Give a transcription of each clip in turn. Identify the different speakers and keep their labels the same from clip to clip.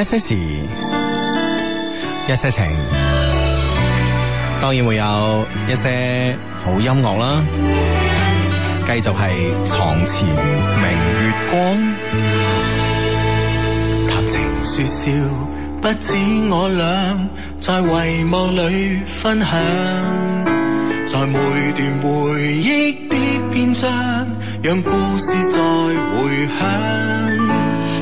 Speaker 1: 一些事，一些情，當然會有一些好音樂啦。繼續係床前明月光，談情說笑，不止我倆在遺忘裏分享，在每段回憶的篇章，讓故事再回響。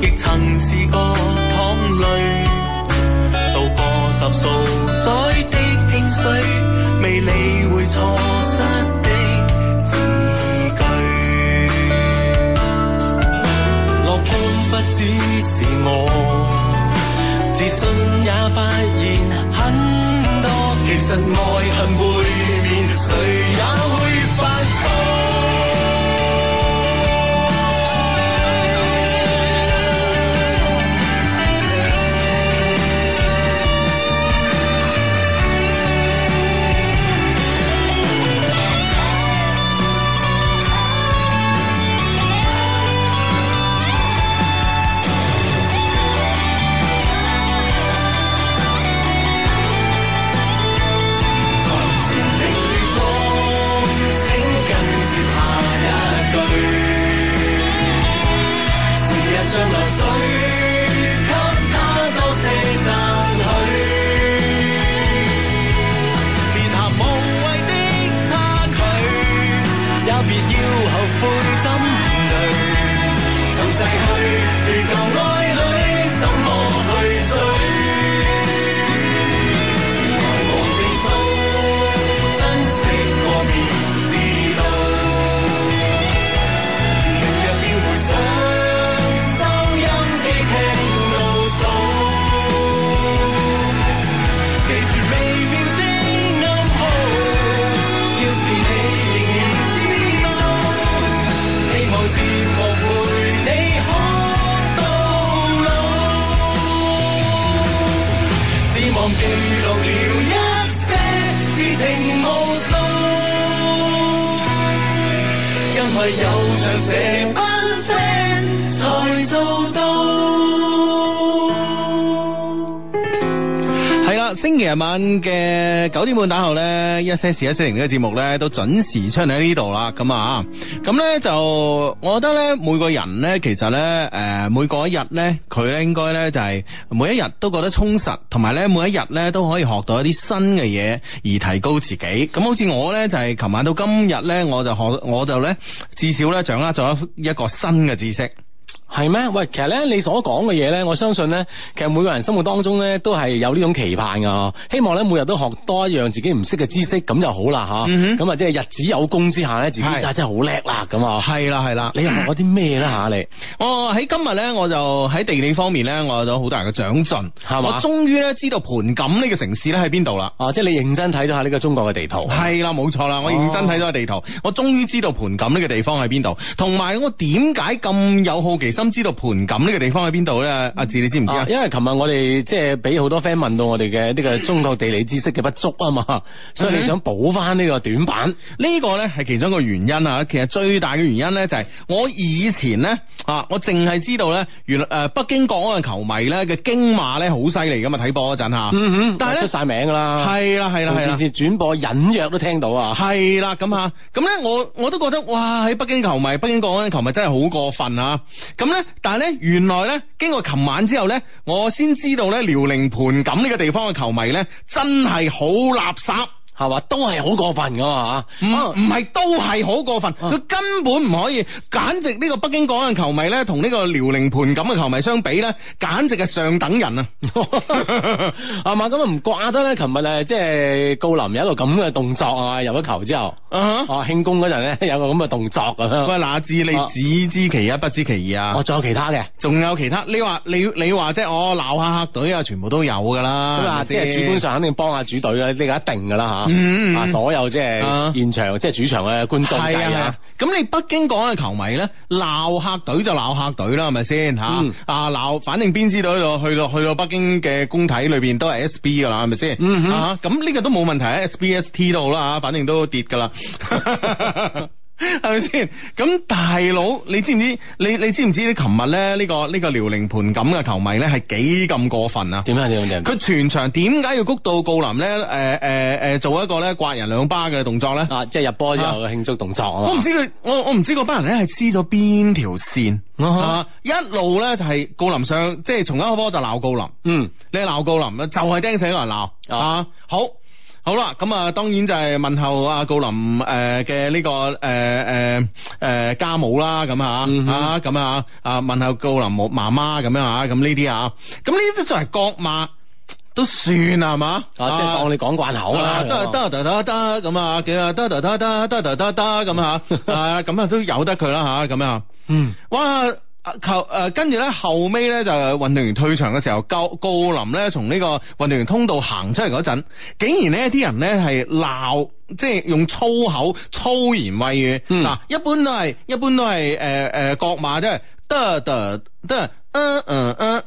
Speaker 1: 亦曾試過淌淚，渡過十數載的興衰，未理會錯失的字句。落空 不只是我，自信也發現很多，其實愛恨背。本打後咧，一些事一四一些零嘅節目咧都準時出喺呢度啦，咁啊，咁咧就我覺得咧，每個人咧其實咧，誒、呃，每過一日咧，佢咧應該咧就係、是、每一日都覺得充實，同埋咧每一日咧都可以學到一啲新嘅嘢而提高自己。咁好似我咧就係、是、琴晚到今日咧，我就學，我就咧至少咧掌握咗一一個新嘅知識。係咩？喂，其實咧，你所講嘅嘢咧，我相信咧，其實每個人心目當中咧，都係有呢種期盼噶，希望咧，每日都學多一樣自己唔識嘅知識，咁就好啦，吓。咁啊，即係、嗯、哼日子有功之下咧，自己真係真係好叻啦，咁啊是。係啦樣，係啦，你又學咗啲咩啦？吓你、嗯？哦，喺今日咧，我就喺地理方面咧，我有咗好多人嘅長進，係嘛吧？我終於咧知道盤錦呢個城市咧喺邊度啦。啊，即係你認真睇咗下呢個中國嘅地圖。係啦，冇錯啦，我認真睇咗個地圖，我終於知道盤錦呢個地方喺邊度。同埋我點解咁有好奇？心知道盤錦呢個地方喺邊度咧？阿、啊、志，你知唔知啊？因為琴日我哋即係俾好多 friend 問到我哋嘅呢個中國地理知識嘅不足啊嘛， 所以你想補翻呢個短板？呢、嗯、哼個咧係其中一個原因啊。其實最大嘅原因咧就係我以前咧啊，我淨係知道咧，原來誒、呃、北京國安嘅球迷咧嘅京罵咧好犀利噶嘛，睇波嗰陣嚇，但係出晒名㗎啦，係啦係啦，電視轉播隱約都聽到啊，係啦咁啊，咁咧我我都覺得哇，喺北京球迷、北京國安球迷真係好過分啊，咁。但係咧，原來咧，經過琴晚之後咧，我先知道咧，遼寧盤錦呢個地方嘅球迷咧，真係好垃圾。係嘛，啊、是都係好過分噶嘛吓，唔唔係都係好過分，佢、啊、根本唔可以，簡直呢個北京國安球迷咧，同呢個遼寧盤咁嘅球迷相比咧，簡直係上等人啊，係 嘛、 啊，咁啊唔怪得咧，琴日誒即係郜林有一個咁嘅動作啊，入咗球之後，哦慶、啊啊、功嗰陣咧有個咁嘅動作啊，咪哪、啊、至你只知其一不知其二啊？哦，仲有其他嘅，仲有其他，你話你你話即係我鬧下客隊啊，全部都有噶啦，咁啊，即係是主觀上肯定幫下主隊啊，呢個一定噶啦吓。嗯，啊，所有即係現場、啊、即係主場嘅觀眾嚟啊！咁、啊啊、你北京港嘅球迷咧，鬧客隊就鬧客隊啦，係咪先吓？嗯、啊鬧，反正邊支隊度去到去到北京嘅工體裏邊都係 S B 噶啦，係咪先？咁呢、嗯嗯啊、個都冇問題啊！S B S T 都好啦，啊，反正都跌噶啦。 係咪先？咁大佬，你知唔知？你你知唔知你琴日咧呢個呢、呢個遼寧盤錦嘅球迷咧係幾咁過分啊？點啊點啊佢全場點解要谷到郜林咧？誒誒誒，做一個咧刮人兩巴嘅動作咧？啊，即係入波之後嘅慶祝動作。啊。我唔知佢，我我唔知個班人咧係黐咗邊條線、啊啊啊，一路咧就係郜林上，即係從一開波就鬧郜林。嗯，你鬧郜林，就係、是、釘死個人鬧。啊，啊，好。好啦，咁啊，當然就係問候阿高林誒嘅呢個誒誒誒家母啦，咁啊、嗯哼，啊咁啊，啊問候高林母媽媽咁樣啊，咁呢啲啊，咁呢啲就係國罵都算啊嘛，啊即係當你講慣口啦，得得得得得咁啊，得得得得得得得得咁啊，啊咁啊都由得佢啦吓，咁啊，嗯， 哇！後誒，跟住咧，後尾咧就運動員退場嘅時候，郜郜林咧從呢個運動員通道行出嚟嗰陣，竟然呢啲人咧係鬧，即係用粗口、粗言穢語。嗱、嗯，一般都係，一般都係誒誒國罵，即係得得得，嗯嗯嗯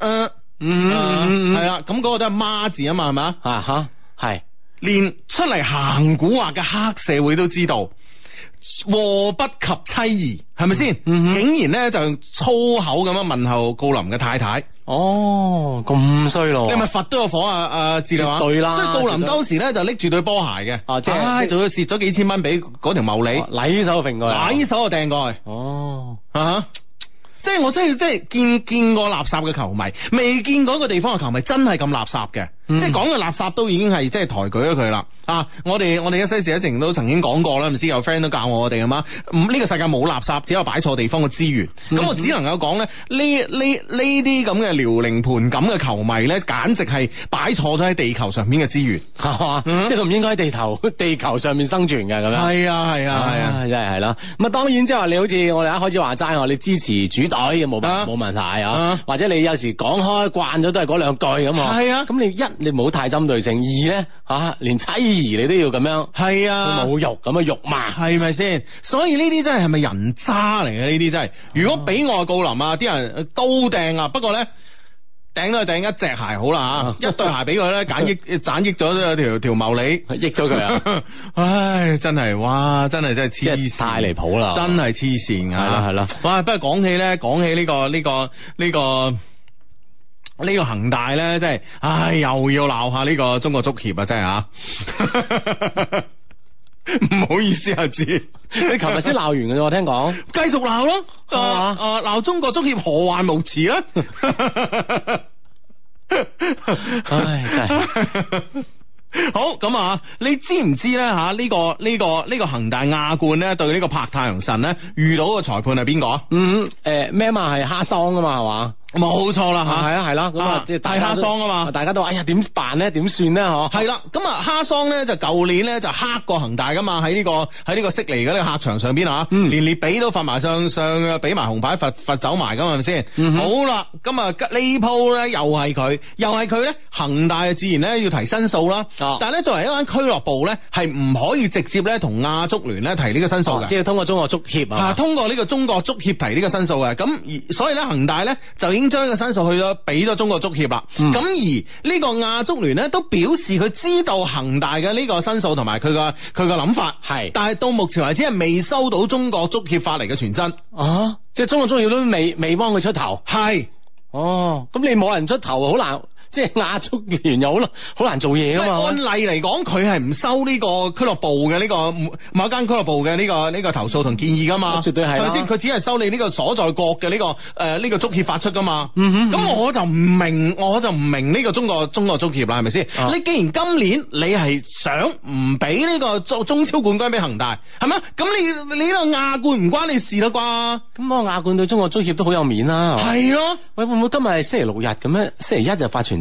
Speaker 1: 嗯，係啊，咁嗰、嗯嗯嗰個都係媽字啊嘛，係咪啊？啊哈，係，連出嚟行古惑嘅黑社會都知道。禍不及妻兒，係咪先？嗯、哼竟然咧就粗口咁樣問候郜林嘅太太。哦，咁衰咯！你咪罰都有火啊！呃、啊，絕對啦。所以郜林對當時咧就拎住對波鞋嘅。啊，即仲要蝕咗幾千蚊俾嗰條茂利。禮、啊、手掟過、啊、過去，禮手就掟過去。哦，啊，即係我真係即係見見，見過垃圾嘅球迷，未見嗰個地方嘅球迷真係咁垃圾嘅。嗯、即係講嘅垃圾都已經係即係抬舉咗佢啦啊！我哋我哋一世一直都曾經講過啦，唔知有 friend 都教我哋啊嘛？唔呢、嗯，這個世界冇垃圾，只有擺錯地方嘅資源。咁、嗯、我只能夠講咧，呢呢呢啲咁嘅遼寧盤咁嘅球迷咧，簡直係擺錯咗喺地球上面嘅資源，係嘛、啊？即係佢唔應該喺地頭地球上面生存嘅咁樣。係啊係啊係啊，真係係啦。咁啊，啊當然即係話你好似我哋一開始話齋我，你支持主隊冇冇問題啊？啊或者你有時講開慣咗都係嗰兩句咁啊。係啊，咁你一。你唔好太針對性，二咧嚇，連妻兒你都要咁樣，係啊，冇肉咁嘅肉嘛，係咪先？所以呢啲真係係咪人渣嚟嘅？呢啲真係，如果比我告林啊，啲人都掟啊，不過咧，掟都係掟一隻鞋好啦嚇，一對鞋俾佢咧，揀億斬億咗都有條條茂利，益咗佢啊！唉，真係哇，真係真係黐線，太離譜啦！真係黐線啊！係啦係啦，哇！不過講起咧，講起呢個呢個呢個。個呢個恒大咧，真係，唉，又要鬧下呢個中國足協啊，真係吓，啊，唔 好意思啊，知， 你琴日先鬧完嘅啫，我聽講，繼續鬧咯，啊啊，鬧、啊啊、中國足協何患無辭啊， 唉，真係， 好咁啊，你知唔知咧吓？呢個呢個呢個恒大亞冠咧，對個白呢個柏太陽神咧，遇到個裁判係邊個啊？嗯，誒，咩嘛係哈桑啊嘛，係嘛？冇錯啦，吓係啊係啦，咁啊即係大哈桑噶嘛，大家都話哎呀點辦咧？點算咧？嗬，係啦，咁啊哈桑咧就舊年咧就黑過恒大噶嘛，喺呢個喺呢個悉尼嘅客場上邊啊，連連俾都罰埋上上，俾埋紅牌罰罰走埋噶係咪先？好啦，咁啊呢鋪咧又係佢，又係佢咧恒大自然咧要提申訴啦，但係咧作為一間俱樂部咧係唔可以直接咧同亞足聯咧提呢個申訴嘅，即係通過中國足協啊，通過呢個中國足協提呢個申訴嘅，咁所以咧恒大咧就已經。將呢個申訴去咗，俾咗中國足協啦。咁、嗯、而呢個亞足聯呢，都表示佢知道恒大嘅呢個申訴同埋佢個佢個諗法係，是但係到目前為止係未收到中國足協發嚟嘅傳真。啊，即係中國足協都未未幫佢出頭。係是，哦，咁你冇人出頭，好難。即係亞足聯又好難好難做嘢噶嘛！按例嚟講，佢係唔收呢個俱樂部嘅呢個某一間俱樂部嘅呢個呢個投訴同建議噶嘛？絕對係。係咪先？佢只係收你呢個所在國嘅呢個誒呢、呃呢個足協發出噶嘛？咁、嗯嗯嗯、我就唔明，我就唔明呢個中國中國足協啦，係咪先？啊、你既然今年你係想唔俾呢個中超冠軍俾恒大，係咪？咁你你呢個亞冠唔關你事啦啩？咁我亞冠對中國足協都好有面啦。係咯、啊。喂，會唔會今日係星期六日咁咧？星期一就發傳。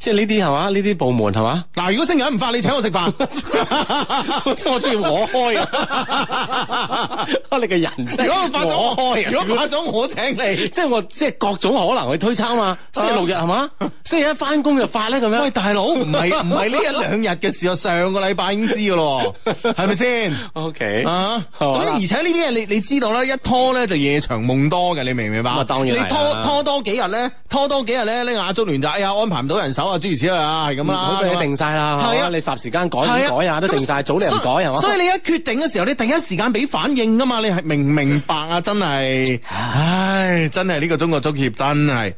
Speaker 1: 即係呢啲係嘛？呢啲部門係嘛？嗱，如果星期五唔發，你請我食飯，即係我中意我開啊！開你個人，如果發咗我開，如果發咗我請你，即係我即係各種可能去推測啊嘛。星期六日係嘛？星期一翻工就發咧咁樣。喂，大佬，唔係唔係呢一兩日嘅事啊！上個禮拜已經知㗎咯，係咪先？OK，咁而且呢啲嘢你你知道啦，一拖咧就夜長夢多嘅，你明唔明白？當然。你拖拖多幾日咧，拖多幾日咧，亞足聯就哎呀安排唔到人手。啊，諸如此類啊，係咁吧啊，好已經定晒啦，係啊，你霎時間改唔改啊，都定晒，早你唔改啊，所以你一決定嘅時候，你第一時間俾反應噶嘛，你係明唔明白啊？ 真係，唉，真係呢個中國足協真係。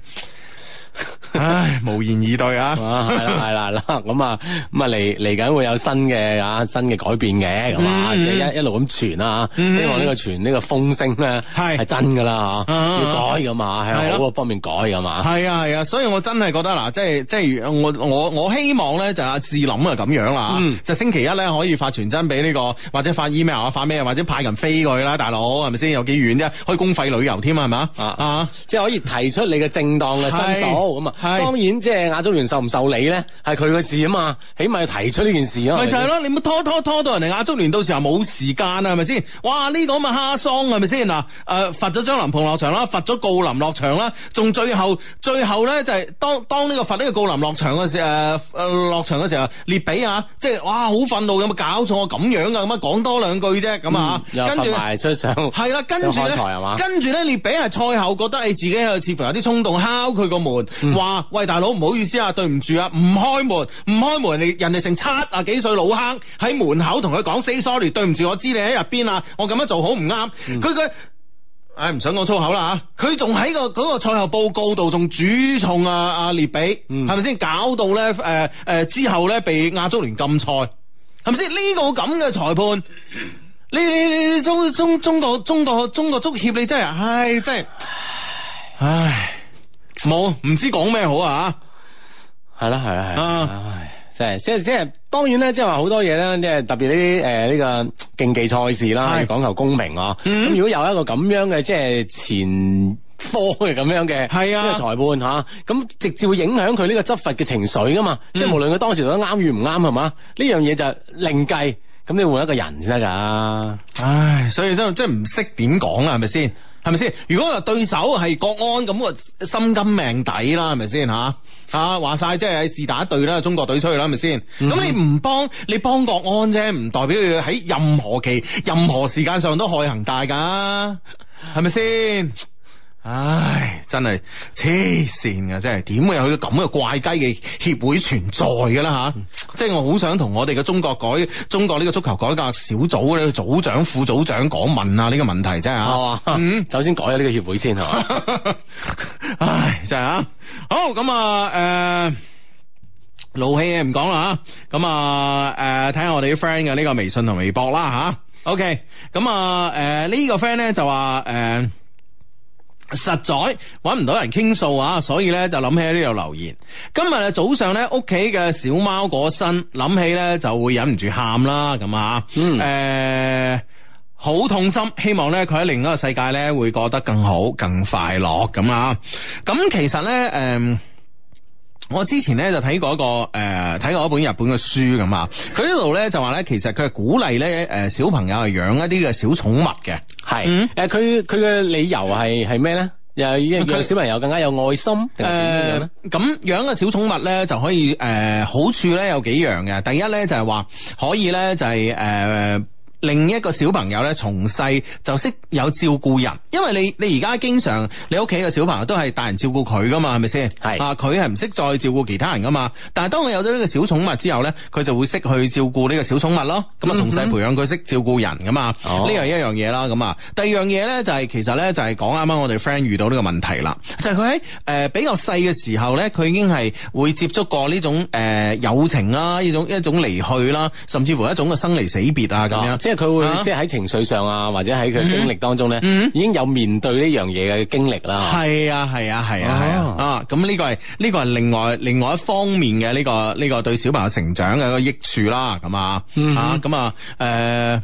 Speaker 1: 唉，無言以對啊！係啦，係啦，啦，咁啊，咁啊，嚟嚟緊會有新嘅啊，新嘅改變嘅，咁啊，一一路咁傳啊。希望呢個傳呢個風聲咧係係真噶啦，嗬，要改噶嘛，喺好多方面改噶嘛，係啊係啊，所以我真係覺得嗱，即係即係，我我我希望咧就阿智霖啊咁樣啦，就星期一咧可以發傳真俾呢個，或者發 email 啊，發咩，或者派人飛過去啦，大佬係咪先？有幾遠啫？可以公費旅遊添啊？係咪？啊啊！即係可以提出你嘅正當嘅申訴。咁啊，哦、是當然即係亞足聯受唔受理咧，係佢嘅事啊嘛，起碼要提出呢件事咯、啊。咪就係咯，的你唔好拖拖拖到人哋亞足聯到時候冇時間啦、啊，係咪先？哇！呢、這個咁嘅哈桑係咪先嗱？誒、呃、罰咗張琳芃落場啦，罰咗郜林落場啦，仲最後最後咧就係、是、當當呢個罰呢個郜林落場嘅時誒誒、呃、落場嘅時候，列比啊，即、就、係、是、哇好憤怒，有冇搞錯咁、啊、樣啊？咁啊講多兩句啫，咁啊，跟住出上係啦，跟住咧，跟住咧列比係賽後覺得你自己有似乎有啲衝動敲佢個門。話、嗯、喂大，大佬唔好意思啊，對唔住啊，唔開門，唔開門，人哋人哋成七啊幾歲老坑喺門口同佢講，say sorry，對唔住，我知你喺入邊啊，我咁樣做好唔啱。佢佢、嗯，唉，唔想講粗口啦吓，佢仲喺個嗰、那個賽後報告度仲主重啊阿、啊、列比，係咪先？搞到咧誒誒之後咧被亞足聯禁賽，係咪先？呢、這個咁嘅裁判，你你你，中中中國中國中國足協，你真係唉，真係、哎哎，唉。冇，唔知講咩好啊吓，係啦係啦係。啊，真係、哎，即係即係，當然咧，即係話好多嘢咧，即係特別呢啲誒呢個競技賽事啦，講求公平啊。咁、嗯、如果有一個咁樣嘅即係前科嘅咁樣嘅，即係係啊裁判吓，咁、啊、直接會影響佢呢個執法嘅情緒噶嘛。嗯、即係無論佢當時做得啱與唔啱，係嘛，呢樣嘢就另計。咁你換一個人先得噶。唉，所以真真唔識點講啊，係咪先？係咪先？如果對手係國安咁，心甘命抵啦，係咪先吓吓？話晒即係喺是打一隊啦，中國隊出去啦，係咪先？咁、嗯、你唔幫，你幫國安啫，唔代表你喺任何期、任何時間上都害恒大噶，係咪先？啊唉，真係黐線噶，真係點會有佢咁嘅怪雞嘅協會存在噶啦吓？即係 我好想同我哋嘅中國改中國呢個足球改革小組嘅、這個、組長、副組長講問啊呢個問題真係啊，首先改咗呢個協會先係嘛？唉，真係啊，好咁啊，誒，老氣嘢唔講啦吓，咁啊，誒，睇、呃、下我哋啲 friend 嘅呢個微信同微博啦吓、啊。OK，咁啊，誒、呃、呢、這個 friend 咧就話誒。呃呃呃呃實在揾唔到人傾訴啊，所以咧就諗起呢度留言。今日早上咧屋企嘅小貓過身，諗起咧就會忍唔住喊啦，咁啊，嗯、誒、好痛心，希望咧佢喺另一個世界咧會過得更好、更快樂咁啊。咁其實咧誒。呃我之前咧就睇過一個誒，睇、呃、過一本日本嘅書咁啊，佢呢度咧就話咧，其實佢係鼓勵咧誒，小朋友係養一啲嘅小寵物嘅，係誒是，佢佢嘅理由係係咩咧？又讓小朋友更加有愛心定係點樣咧，誒，咁養個小寵物咧就可以誒、呃，好處咧有幾樣嘅。第一咧就係、是、話可以咧就係、是、誒。呃另一個小朋友咧，從細就識有照顧人，因為你你而家經常你屋企嘅小朋友都係大人照顧佢噶嘛，係咪先？係是啊，佢係唔識再照顧其他人噶嘛。但係當佢有咗呢個小寵物之後呢，佢就會識去照顧呢個小寵物咯。咁啊，從細培養佢識、嗯、哼照顧人噶嘛。呢樣、哦、一樣嘢啦。咁啊，第二樣嘢呢、就係，就係其實呢，就係講啱啱我哋 friend 遇到呢個問題啦，就係佢喺誒比較細嘅時候呢，佢已經係會接觸過呢種誒、呃、友情啦，呢種一種離去啦，甚至乎一種嘅生離死別啊咁樣。即係佢會即係喺情緒上啊，或者喺佢經歷當中咧，mm hmm. 已經有面對呢樣嘢嘅經歷啦。係啊，係啊，係啊，係啊。啊，咁呢、啊呢個係呢、呢個係另外另外一方面嘅呢、呢個呢、呢個對小朋友成長嘅一個益處啦。咁啊，mm hmm. 啊，咁啊，誒、呃，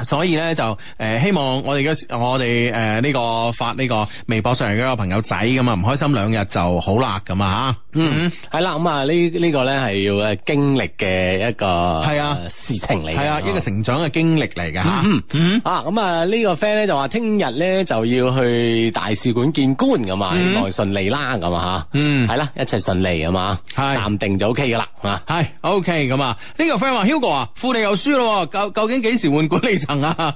Speaker 1: 所以咧就誒、呃、希望我哋嘅我哋誒呢個、呢個、發呢個微博上嘅個朋友仔咁啊，唔開心兩日就好啦，咁啊吓。嗯，嗯，係啦，咁啊呢呢個咧係要經歷嘅一個係啊事情嚟，係啊一個成長嘅經歷嚟嘅吓。嗯啊，咁啊呢個 friend 咧就話聽日咧就要去大使館見官咁啊，希望順利啦咁啊吓。嗯，係啦，一切順利啊嘛，係，淡定就 O K 噶啦。係，O K 咁啊，呢個 friend 話 Hugo 啊，富力又輸咯，究究竟幾時換管理層啊？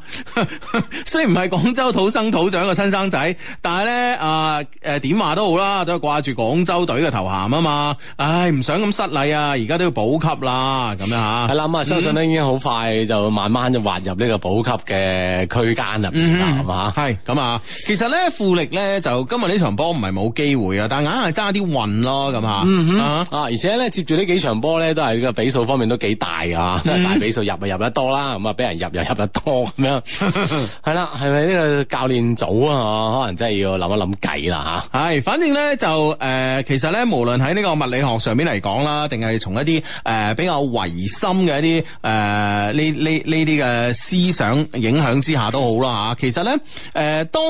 Speaker 1: 雖然唔係廣州土生土長嘅親生仔，但係咧啊誒點話都好啦，都係掛住廣州隊嘅頭銜。啊嘛，唉，唔想咁失禮啊，而家都要保級啦，咁樣吓。係啦，咁啊，相信呢已經好快就慢慢就滑入呢個保級嘅區間入邊啦，係嘛。係，咁啊，其實咧富力咧就今日呢場波唔係冇機會啊，但硬係揸啲運咯，咁啊。啊，而且咧接住呢幾場波咧都係個比數方面都幾大噶，大比數入啊入得多啦，咁啊俾人入又入得多咁樣。係啦，係咪呢個教練組啊，可能真係要諗一諗計啦吓。係，反正咧就誒，其實咧無論。無論喺呢個物理學上面嚟講啦，定係從一啲誒、呃、比較唯心嘅一啲誒呢呢呢啲嘅思想影響之下都好啦吓、啊。其實呢，誒、呃、當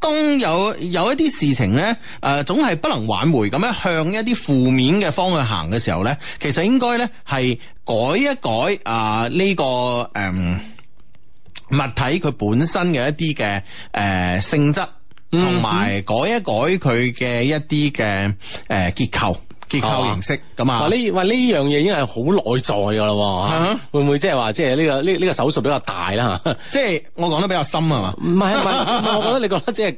Speaker 1: 當有有一啲事情呢，誒、呃、總係不能挽回咁樣向一啲負面嘅方向行嘅時候呢，其實應該呢係改一改啊呢、呃這個誒、呃、物體佢本身嘅一啲嘅誒性質。同埋改一改佢嘅一啲嘅誒結構結構形式咁啊，呢話呢樣嘢已經係好內在噶啦，會唔會即係話即係呢個呢呢個手術比較大啦？即係我講得比較深係嘛？唔係唔係唔係，我覺得你覺得即係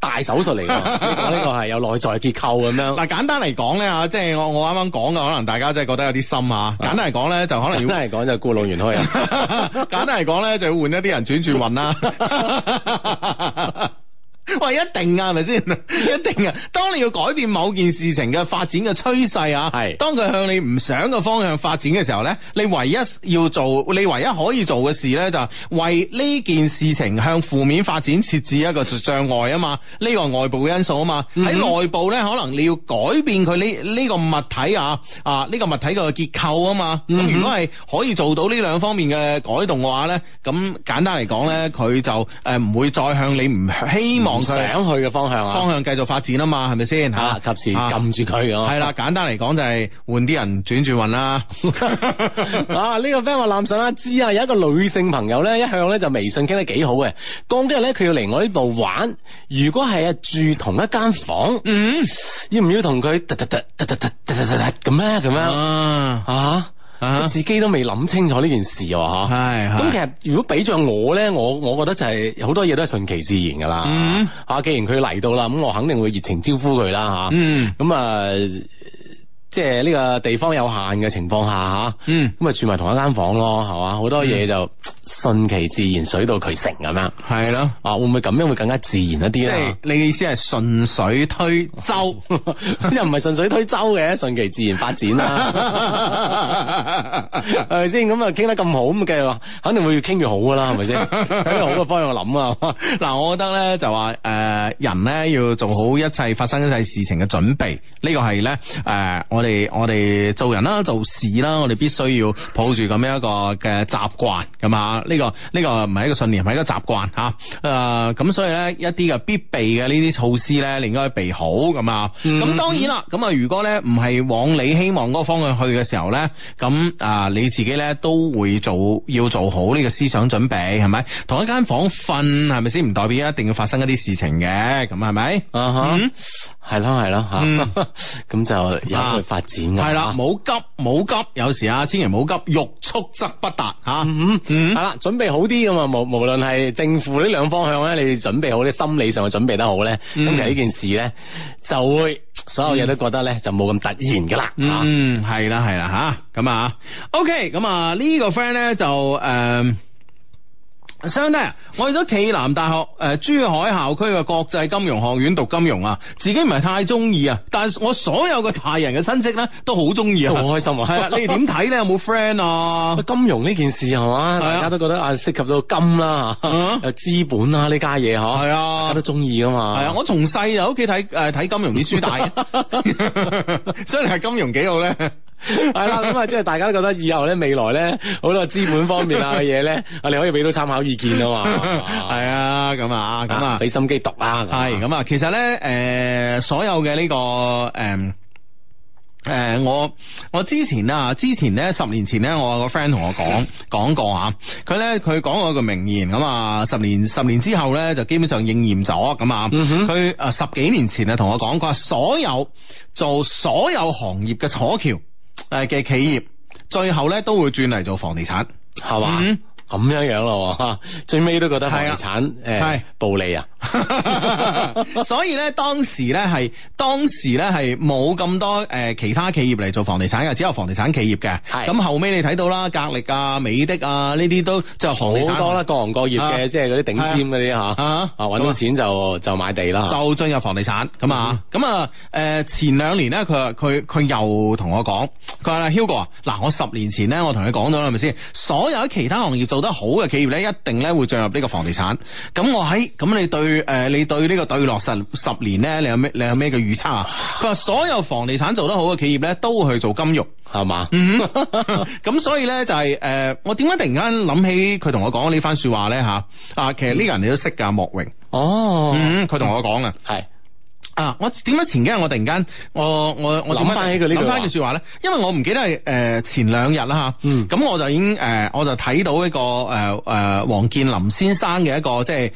Speaker 1: 大手術嚟嘅呢個係有內在結構咁樣。嗱，簡單嚟講咧啊，即係我我啱啱講嘅，可能大家即係覺得有啲深啊。簡單嚟講咧，就可能要真係講就固腦元開，簡單嚟講咧就要換一啲人轉轉運啦。喂，一定啊，係咪先？ 一定啊！當你要改變某件事情嘅發展嘅趨勢啊，係當佢向你唔想嘅方向發展嘅時候咧，你唯一要做，你唯一可以做嘅事咧，就係為呢件事情向負面發展設置一個障礙啊嘛。呢個外部嘅因素啊嘛，喺嗯、內部咧，可能你要改變佢呢呢個物體啊啊呢個物體嘅結構啊嘛。咁如果係可以做到呢兩方面嘅改動嘅話咧，咁簡單嚟講咧，佢就誒唔會再向你唔希望、嗯。想去嘅方向啊，方向繼續發展啊嘛，係咪先吓，及時撳住佢咁。係啦，簡單嚟講就係換啲人轉轉運啦。啊，呢個 friend 話男神阿芝啊，有一個女性朋友咧，一向咧就微信傾得幾好嘅。過幾日咧，佢要嚟我呢度玩。如果係啊，住同一間房，嗯，要唔要同佢？咁咩？咁樣啊？自己都未諗清楚呢件事喎，吓，咁其實如果俾著我咧，我我覺得就係、是、好多嘢都係順其自然噶啦。吓、嗯，既然佢嚟到啦，咁我肯定會熱情招呼佢啦，吓、嗯。咁啊～、呃即係呢、這個地方有限嘅情況下吓，嗯，咁啊住埋同一間房咯，係嘛，好多嘢就順其自然水到渠成咁是的、啊、樣，係咯，啊會唔會咁樣會更加自然一啲啊？你嘅意思係順水推舟， 又唔係順水推舟嘅，順其自然發展啦，係咪、 啊、先？咁啊傾得咁好，咁繼續話，肯定會越傾越好噶啦，係咪先？喺好嘅方向諗啊，嗱、啊，我覺得咧就話誒、呃、人咧要做好一切發生一切事情嘅準備，呢、這個係咧誒我。我哋做人啦，做事啦，我哋必須要抱住咁樣一個嘅習慣，咁啊呢個呢個唔係一個信念，係一個習慣吓。誒、啊，咁所以咧一啲嘅必備嘅呢啲措施咧，你應該備好咁啊。咁當然啦，咁啊如果咧唔係往你希望嗰個方向去嘅時候咧，咁啊你自己咧都會做要做好呢個思想準備，係咪？同一間房瞓，係咪先？唔代表一定要發生一啲事情嘅，咁係咪啊吓？係咯係咯吓，咁就有。發展係啦，冇急冇急，有時啊，千祈冇急，欲速則不達嚇、啊嗯。嗯係啦，準備好啲咁啊，無無論係政府呢兩方向咧，你準備好啲，心理上嘅準備得好咧，咁、嗯、其實呢件事咧就會所有嘢都覺得咧、嗯、就冇咁突然噶啦嚇。啊、嗯，係啦係啦嚇，咁啊，啊，OK，咁啊呢個 friend 咧就誒。呃 s u n、啊、我去咗暨南大學誒、呃、珠海校區嘅國際金融學院讀金融啊，自己唔係太中意啊，但係我所有嘅太人嘅親戚咧都好中意啊，好開心啊！係 啊，你點睇咧？有冇 friend 啊？金融呢件事係嘛？啊、大家都覺得啊，涉及到金啦、啊，誒、啊啊、資本啊呢家嘢嗬，係啊，啊大家都中意啊嘛。係啊，我從細就屋企睇誒睇金融書大，所以係金融幾好咧。係啦，咁啊， 即係大家都覺得以後咧，未來咧，好多資本方面啊嘅嘢咧，啊，你可以俾到參考意見啊嘛，係 啊，咁啊，咁啊，俾、啊、心機讀啦。係、啊、咁啊，啊，啊，其實咧，誒、呃，所有嘅呢、這個誒，誒、呃呃，我我之前啊，之前咧，十年前咧，我有個 friend 同我講講 過啊，佢咧佢講過一句名言，咁啊，十年十年之後咧，就基本上應驗咗，咁啊，佢、啊、誒十幾年前啊，同我講過，所有做所，所有行業嘅楚橋。誒嘅企業，最後咧都會轉嚟做房地產，係嘛？嗯。咁樣樣咯，最尾都覺得房地產誒係暴利啊！ 所以咧，當時咧係當時咧係冇咁多誒其他企業嚟做房地產嘅，只有房地產企業嘅。咁是、啊、後尾你睇到啦，格力啊、美的啊呢啲都就好多啦，各行各業嘅是、啊、即係嗰啲頂尖嗰啲吓啊！揾到錢就就買地啦，是啊、就進入房地產咁、嗯、啊！咁啊誒前兩年咧，佢佢佢又同我講，佢話 Hugo 哥啊，嗱我十年前咧，我同佢講咗啦，係咪先？所有其他行業做行。做得好嘅企業咧，一定咧會進入呢個房地產。咁我喺咁你對誒，你對呢個對落實十年咧，你有咩你有咩嘅預測啊？佢話 所有房地產做得好嘅企業咧，都會去做金融，係嘛是吧？咁、 嗯、所以咧就係、是、誒、呃，我點解突然間諗起佢同我講呢番説話咧嚇？啊，其實呢個人你都識噶，莫榮。哦，佢同、嗯、我講嘅係。啊！我點解前幾日我突然間我我我諗翻起佢呢句説話咧，因為我唔記得係誒前兩日啦吓，咁、嗯啊、我就已經誒、啊、我就睇到一個誒誒王健林先生嘅一個即係誒誒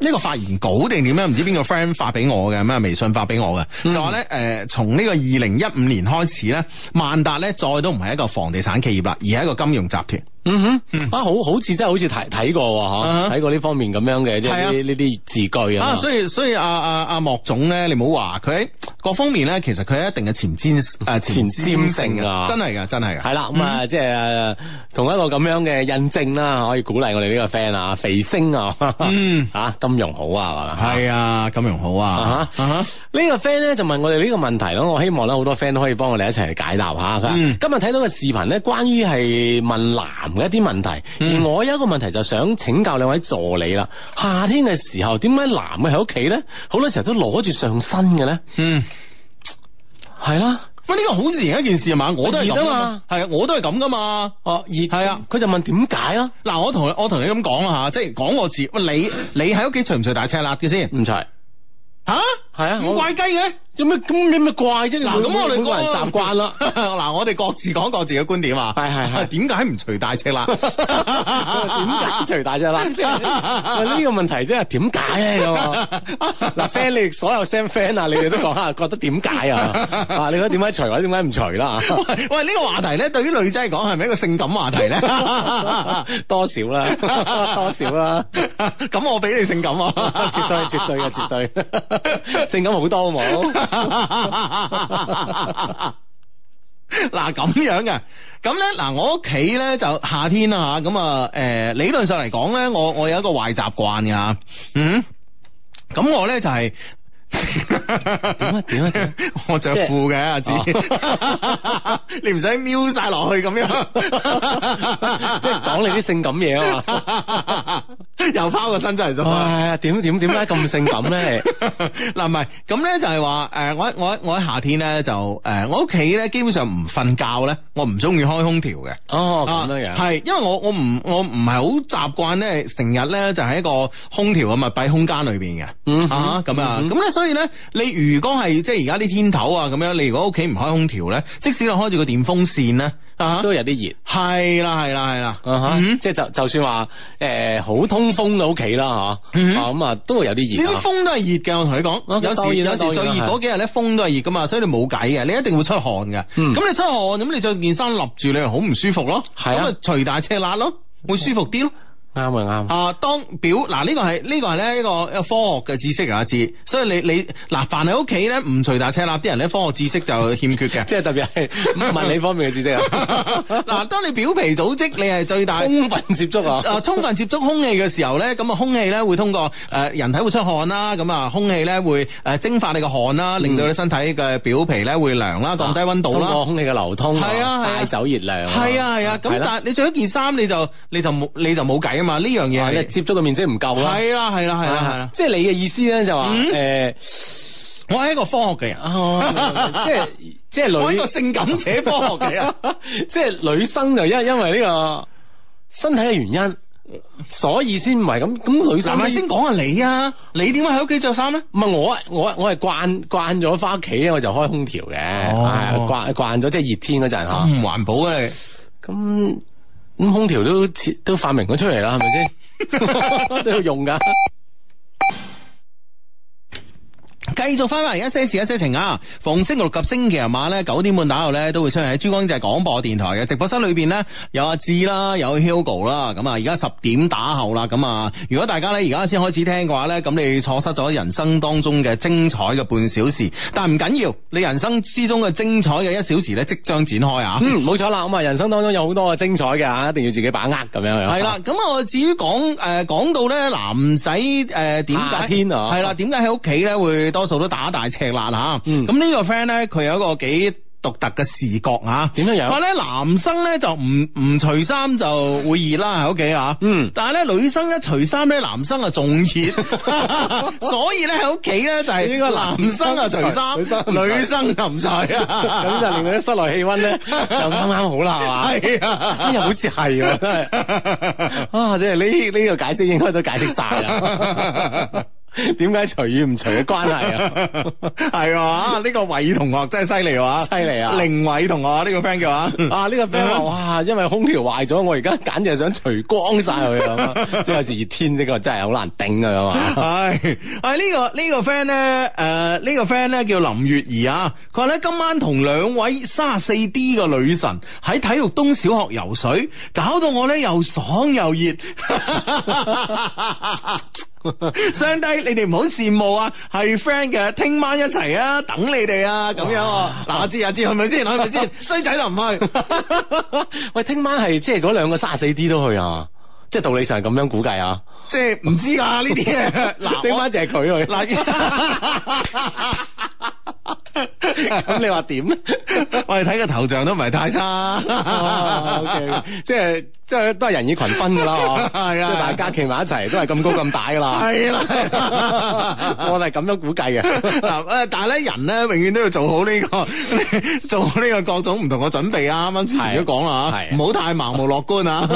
Speaker 1: 呢個發言稿定點樣唔知邊個 friend 發俾我嘅咩微信發俾我嘅就話咧誒從呢、啊、個二零一五年開始咧，萬達咧再都唔係一個房地產企業啦，而係一個金融集團。 嗯哼，嗯好好啊好好似真係好似睇睇過嗬，睇過呢方面咁樣嘅啲呢啲字句啊，所以所以阿阿阿莫總咧，你唔好話佢，各方面咧，其實佢有一定嘅前瞻誒前，前瞻性啊，真係噶，真係噶。係啦，咁啊，即係同一個咁樣嘅印證啦，可以鼓勵我哋呢個 friend 啊，肥星啊，吓金融好啊嘛，係啊，金融好啊，吓呢、啊 uh huh、個 friend 咧就問我哋呢個問題咯，我希望咧好多 friend 都可以幫我哋一齊解答下噶。今日睇到個視頻咧，關於係問男。問男一啲問題，嗯、而我有一個問題就想請教兩位助理啦。夏天嘅時候，點解男嘅喺屋企咧？好多時候都攞住上身嘅咧。嗯，係啦、啊。喂，呢個好自然一件事嘛，我都係咁啊，係我都係咁噶嘛。哦，而係啊，佢、啊、就問點解啦。嗱，我同我同你咁講啦吓，即係講個字。喂，你你喺屋企除唔除大赤辣嘅先？唔除。吓、啊？係啊，唔怪雞嘅，有咩咁有咩怪啫？嗱，咁 judged? 我哋個人習慣啦、啊。嗱， 我哋各自講各自嘅觀點啊。係係係，點解唔除大隻啦？
Speaker 2: 點
Speaker 1: 解除大隻啦？呢、這個問題真係點解咧？咁嗱，friend，你所有 same friend 啊，你哋都講，覺得點解啊？啊 嗎，你覺得點解除，或者點解唔除啦？喂，呢個話題咧，對於女仔講，係咪一個性感話題咧？多少啦，多少啦。咁我比你性感啊 絕，絕對，絕對啊，絕對。 性感好多，好冇
Speaker 2: ？
Speaker 1: 嗱咁樣嘅，咁咧嗱，我屋企咧就夏天啦吓，咁啊，誒、啊呃，理論上嚟講咧，我我有一個壞習慣㗎，嗯，咁我咧就係、是。點啊點啊！我着褲嘅阿子，你唔使瞄晒落去咁樣，即係講你啲性感嘢啊嘛，又拋個身出嚟咁啊！點點點解咁性感咧？嗱唔係咁咧就係話誒，我我我喺夏天咧就誒，我屋企咧基本上唔瞓覺咧，我唔中意開空調嘅。哦，咁樣係、啊，因為我我唔我唔係好習慣咧，成日咧就喺一個空調、嗯、哼啊嘛擺喺空間裏邊嘅。嗯啊咁啊咁咧。所以咧，你如果係即係而家啲天頭啊咁樣，你如果屋企唔開空調咧，即使你開住個電風扇咧，啊，都有啲熱。係啦，係啦，係啦，啊即係就就算話誒好通風到屋企啦，吓，咁啊都會有啲熱。呢啲風都係熱嘅，我同你講。有時有時最熱嗰幾日咧，風都係熱噶嘛，所以你冇計嘅，你一定會出汗嘅。咁你出汗，咁你着件衫笠住，你好唔舒服咯。係啊，除大赤辣咯，會舒服啲咯。啱啊啱啊！啊，當表嗱呢個係呢個係咧一個科學嘅知識啊，阿志，所以你你嗱，凡喺屋企咧唔隨大車流啲人咧，科學知識就欠缺嘅，即係特別係物理方面嘅知識啊。嗱，當你表皮組織你係最大，充分接觸啊，啊，充分接觸空氣嘅時候咧，咁啊，空氣咧會通過誒人體會出汗啦，咁啊，空氣咧會誒蒸發你嘅汗啦，令到你身體嘅表皮咧會涼啦，降低溫度啦，通過空氣嘅流通，帶走熱量。係啊係啊，咁但係你着一件衫，你就你就冇你就冇計。咁啊，呢樣嘢咧接觸嘅面積唔夠啦，係啦係啦係啦係啦，即係你嘅意思咧就話、是、誒、嗯欸，我係一個科學嘅人， 啊、即係即係女，性感且科學嘅人， 即係女生就因因為呢個身體嘅原因，所以先唔係咁咁。女生咪先講下你啊，你點解喺屋企着衫咧？唔係我，我我係慣慣咗返屋企咧，我就開空調嘅，係慣慣咗即係熱天嗰陣吓，唔環保嘅，咁。 咁、嗯、空調都都發明咗出嚟啦，係咪先都要用㗎？繼續翻翻嚟一些事一些情啊！逢星期六及星期日晚咧九點半打後咧都會出現喺珠江台廣播電台嘅直播室裏邊呢，有阿志啦，有 Hugo 啦。咁啊，而家十點打後啦。咁啊，如果大家咧而家先開始聽嘅話咧，咁你錯失咗人生當中嘅精彩嘅半小時。但係唔緊要緊，你人生之中嘅精彩嘅一小時咧即將展開啊！嗯，冇錯啦。咁啊，人生當中有好多嘅精彩嘅啊，一定要自己把握咁樣樣。係 啦，咁、呃呃、啊，至於講誒，講到咧男仔誒，點解天啊係啦？點解喺屋企咧會？多數都打大赤肋吓，咁呢個 friend 咧佢有一個幾獨特嘅視覺吓，點樣樣。話咧男生咧就唔唔除衫就會熱啦，喺屋企啊，嗯。但係咧女生一除衫咧，男生啊仲熱，所以咧喺屋企咧就係呢個男生啊除衫，女生就唔除啊，咁就令到啲室內氣溫咧就啱啱好啦，係嘛？係啊，今日好似係真係啊，即係呢呢個解釋應該都解釋晒啦。點解除與唔除嘅關係啊？係啊， 呢、這個偉同學真係犀利哇！犀利啊！另一位同學呢、這個 friend 嘅話， 啊呢、這個 friend 哇，因為空調壞咗，我而家簡直係想除光晒佢咁。因 為 係熱天、這個，呢、呃這個真係好難頂啊嘛。係啊，呢個呢個 friend 咧誒呢個 friend 咧叫林月兒啊，佢話咧今晚同兩位卅四 D 嘅女神喺體育東小學游水，搞到我咧又爽又熱。 相低，你哋唔好羨慕啊，係 friend 嘅，聽晚一齊啊，等你哋啊，咁樣。啊哇，嗱， 知下知，係咪先？係咪先？衰仔都唔去。 喂，聽晚係即係兩個卅四 D 都去啊？即係道理上係咁樣估計啊？即係唔知啊，呢啲嘢，嗱，拎翻就係佢喎。嗱，咁你話點咧？我哋睇個頭像都唔係太差。即係即係都係人以群分噶啦，即係大家企埋一齊都係咁高咁大噶啦。係啦，我係咁樣估計嘅。嗱，誒，但係咧人咧永遠都要做好呢個做好呢個各種唔同嘅準備啊。啱啱先都講啦吓，唔好太盲目樂觀啊。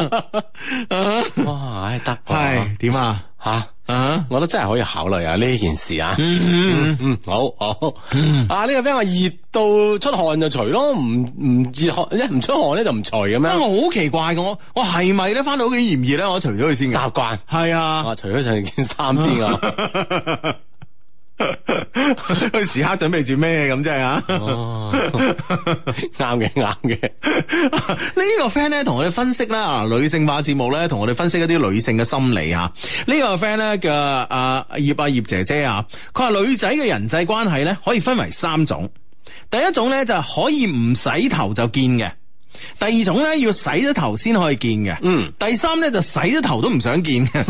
Speaker 1: 哇，唉得。係。點啊吓啊，uh huh. 我覺得真係可以考慮下呢件事啊。Mm hmm. 嗯嗯嗯，好好。Mm hmm. 啊呢、這個咩話熱到出汗就除咯，唔唔熱汗，一唔出汗咧就唔除嘅咩、啊？我好奇怪，我我係咪咧翻到屋企嫌熱咧，我除咗佢先嘅？習慣係啊,啊，除咗上件衫先啊。 佢 時刻準備住咩咁，即係啊，啱嘅， 啱嘅。呢 個 friend 咧同我哋分析啦，啊，女性化節目咧同我哋分析一啲女性嘅心理啊。這個、呢個 friend 咧嘅啊，葉阿葉姐姐啊，佢話女仔嘅人際關係咧可以分為三種，第一種咧就係、是、可以唔洗頭就見嘅。第二種咧要洗咗頭先可以見嘅，第三咧就洗咗頭都唔想見嘅，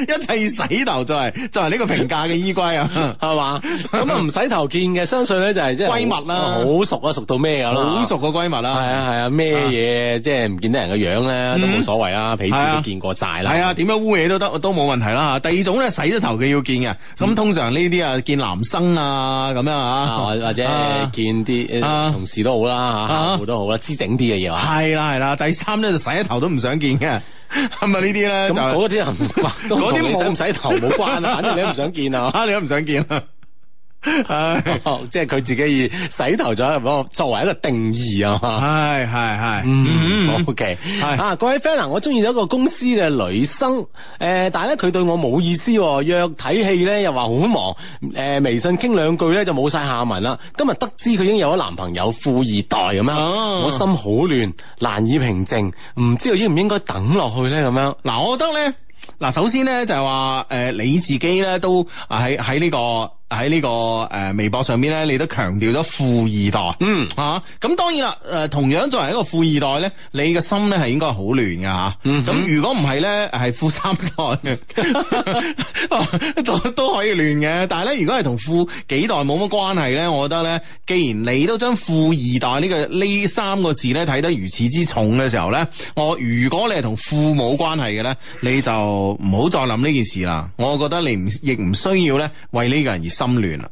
Speaker 1: 一切洗頭就係就係呢個評價嘅依歸啊，係嘛？咁啊唔洗頭見嘅，相信咧就係即係閨蜜啦，好熟啊，熟到咩啊，好熟個閨蜜啊，係啊係啊咩嘢，即係唔見得人嘅樣咧都冇所謂啊，彼此都見過晒啦，係啊，點樣污嘢都得都冇問題啦。第二種咧洗咗頭佢要見嘅，咁通常呢啲啊見男生啊咁樣啊，或或者見啲同事都好啦吓。都好啦，知整啲嘅嘢嘛。係啦係啦，第三咧就洗頭都唔想見嘅，係咪 呢啲咧就嗰啲又唔嗰啲冇唔洗頭冇關啊， 反正你都唔想見啊，你都唔想見。 唉， 即係佢自己要洗頭咗，作為一個定義啊嘛。係係係，OK，係啊，各位 friend 我中意咗一個公司嘅女生，誒、呃，但係咧佢對我冇意思，約睇戲咧又話好忙，誒、呃，微信傾兩句咧就冇晒下文啦。今日得知佢已經有咗男朋友，富二代咁樣，啊、我心好亂，難以平靜，唔知道應唔應該等落去咧咁樣。嗱、啊，我覺得咧，嗱，首先咧就係、是、話，誒、呃，你自己咧都喺喺呢個。喺呢個誒微博上邊咧，你都強調咗富二代。嗯，啊，咁當然啦，誒、呃，同樣作為一個富二代咧，你嘅心咧係應該好亂嘅吓。咁、嗯哼啊、如果唔係咧，係富三代， 都都可以亂嘅。但係咧，如果係同富幾代冇乜關係咧，我覺得咧，既然你都將富二代呢、呢個呢三個字咧睇得如此之重嘅時候咧，我如果你係同父母關係嘅咧，你就唔好再諗呢件事啦。我覺得你唔亦唔需要咧為呢個人而。心亂啦，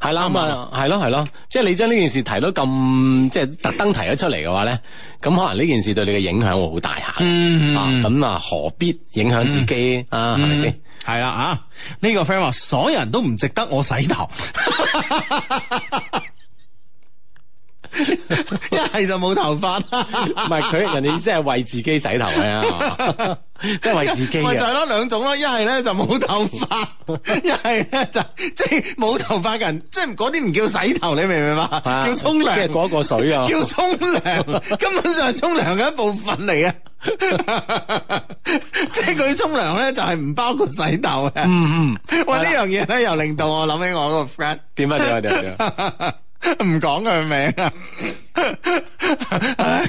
Speaker 1: 係啦吧，咁係咯，係咯，即係你將呢件事提到咁，即係特登提咗出嚟嘅話咧，咁可能呢件事對你嘅影響會好大下，啊，咁啊何必影響自己啊？係咪先？係啦，啊，呢個 friend 話，所有人都唔值得我洗頭。 一 係就冇頭髮，唔係佢人哋意思係為自己洗頭啊，即係 為自己啊，就係咯兩種咯，一係咧就冇頭髮，一係咧就即係冇頭髮嘅人，即係嗰啲唔叫洗頭，你明唔明白？叫沖涼，即係嗰個水啊，叫沖涼，根本上係沖涼嘅一部分嚟嘅。即係佢沖涼咧就係唔包括洗頭嘅，嗯嗯，哇呢樣嘢咧又令到我諗起我嗰個 friend，點啊點啊點啊點。唔講佢名啊，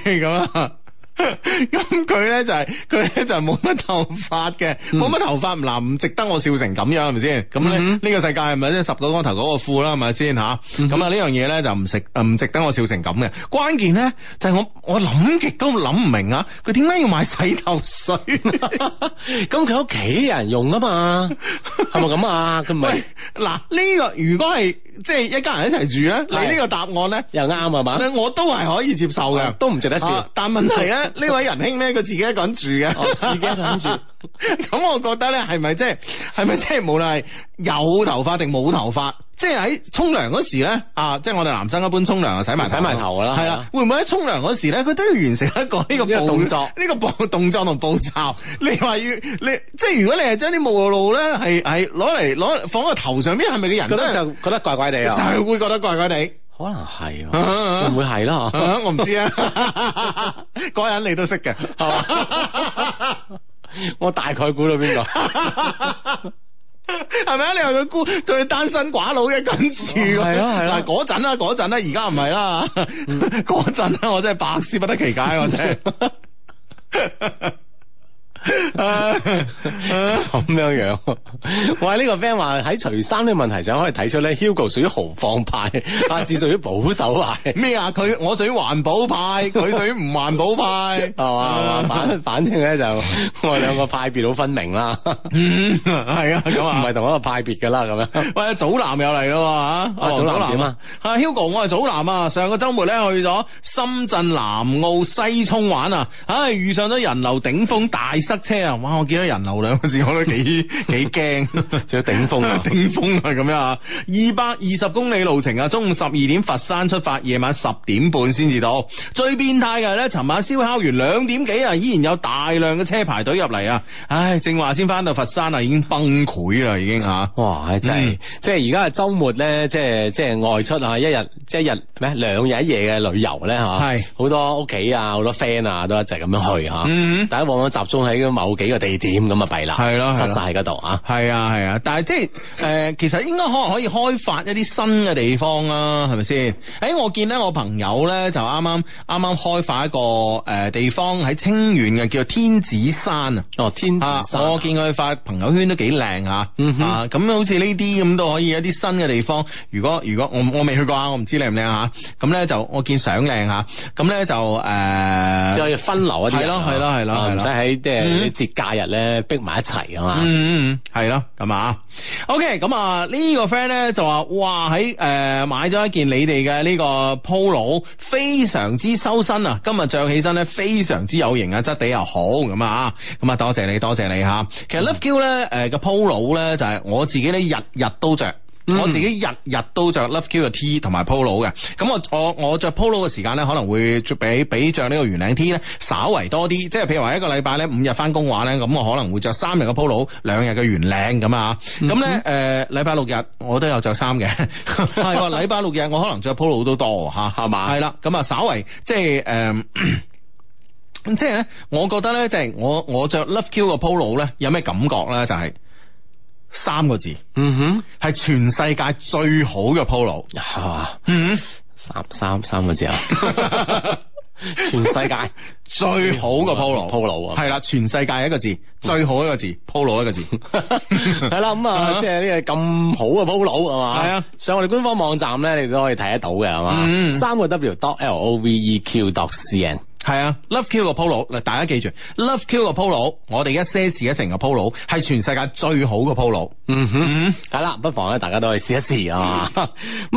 Speaker 1: 係咁啊，咁佢咧就係佢咧就冇乜頭髮嘅，冇乜頭髮，嗱唔值得我笑成咁樣係咪先？咁咧呢個世界係咪即係十個光頭九個富啦係咪先吓？咁啊呢樣嘢咧就唔值、誒唔值得我笑成咁嘅。關鍵咧就係我我諗極都諗唔明啊，佢點解要買洗頭水？咁佢屋企人用啊嘛，係咪咁啊？咁咪？嗱呢個如果係。即係一家人一齊住啊！你呢是個答案咧又啱啊嘛，我都係可以接受嘅，啊，都唔值得笑。啊，但問題咧，啊，呢 位仁兄咧，佢自己一個人住嘅，哦，自己一個人住。 咁我覺得咧，係咪即係，係咪即係無論係有頭髮定冇頭髮，即係喺沖涼嗰時咧，啊，即係我哋男生一般沖涼啊，洗埋洗埋頭噶啦，係啦。會唔會喺沖涼嗰時咧，佢都要完成一個呢個動作，呢個步動作同步驟？你話要你，即係如果你係將啲沐浴露咧，係係攞嚟，攞放喺個頭上邊，係咪啲人咧就覺得怪怪地啊？就係會覺得怪怪地，可能係，會唔會係囉？我唔知啊，嗰人你都識嘅，係嘛？我大概估到邊個，係咪啊？你話佢孤，佢單身寡佬嘅，跟住，係咯，係啦。嗰陣啦，嗰陣啊，而家唔係啦。嗰陣啦，我真係百思不得其解，我真係。 咁樣樣，喂，呢個 friend 話喺徐生呢個問題上可以睇出咧，Hugo 屬於豪放派，阿志屬於保守派。咩啊？佢我屬於環保派，佢屬於唔環保派，係嘛？反反正咧就我哋兩個派別好分明啦。
Speaker 2: 係啊，咁
Speaker 1: 啊，唔係同一個派別噶啦。咁樣，喂，祖藍又嚟啦嘛？吓，祖藍點啊？Hugo，我係祖藍啊！上個週末咧去咗深圳南澳西涌玩啊，唉，遇上咗人流頂峰大。塞車啊！哇，我見到人流兩個字，我都幾幾驚，仲 有頂峰啊，頂 峰啊咁樣啊，二百二十公里路程啊，中午十二點佛山出發，夜晚十點半先至到。最變態嘅係咧，尋晚燒烤完兩點幾啊，依然有大量嘅車排隊入嚟啊！唉，正話先翻到佛山啊，已經崩潰啦，已經吓。啊、哇，真係、嗯，即係而家係周末咧，即係即係外出啊，一日即係一日咩兩日一夜嘅旅遊咧吓，係好是 多屋企啊，好多 friend 啊，都一齊咁樣去吓。嗯嗯，大家往往集中喺。某幾個地點咁啊弊啦，係咯，塞晒嗰度啊，係啊係啊，但係即係誒，其實應該可能可以開發一啲新嘅地方啦，係咪先？誒、欸，我見咧，我朋友咧就啱啱啱啱開發一個誒地方喺清遠嘅，叫做天子山啊。哦，天子山，啊、我見佢發朋友圈都幾靚吓，嗯、哼啊，咁好似呢啲咁都可以一啲新嘅地方。如果如果我我未去過啊，我唔知靚唔靚吓。咁咧就我見相靚吓，咁咧就誒，即、呃、係分流一啲，係咯係咯係咯，唔使喺即係。啲節假日咧逼埋一齊啊嘛，嗯嗯嗯，係 咯，咁、 okay, 啊，OK，咁啊呢個 friend 咧就話，哇喺誒、呃、買咗一件你哋嘅呢個 Polo，非常之修身啊，今日着起身咧非常之有型啊，質地又好，咁啊，咁啊，啊多謝你，多謝你吓、啊，其實 Love Q 咧誒個 Polo 咧就係、是、我自己咧日日都着。我自己日日都着 love Q 嘅 T 同埋 polo 嘅，咁我我我着 polo 嘅時間咧，可能會比比着呢個圓領 T 咧稍為多啲，即係譬如話一個禮拜咧五日翻工話咧，咁我可能會着三日嘅 polo，兩日嘅圓領咁啊，咁咧誒禮拜六日我都有着衫嘅，係啊，。 禮拜六日我可能着 polo 都多吓，係、啊、嘛？係啦 吧，咁啊稍為即係誒，即係咧、呃，我覺得咧即係我我着 love Q 嘅 polo 咧有咩感覺咧就係、是。三個字，嗯哼、mm，係、hmm. 全世界最好嘅 p Polo，係嘛，嗯哼，三三三個字啊， 全世界最好嘅 Polo，Polo 啊，係啦，全世界一個字，最好一個字，Polo 一個字，係 啦，咁 啊樂，即係呢個咁好嘅 Polo 係嘛，係、嗯、啊，上我哋官方網站咧，你都可以睇得到嘅係嘛，三個 w dot l o v e q dot c n。嗯嗯嗯嗯係啊，Love Q 個 Polo 嗱，大家記住，Love Q 個 Polo，我哋一奢侈一成個 Polo，係全世界最好嘅 Polo。嗯哼，係啦，不妨咧，大家都去試一試啊。咁 啊，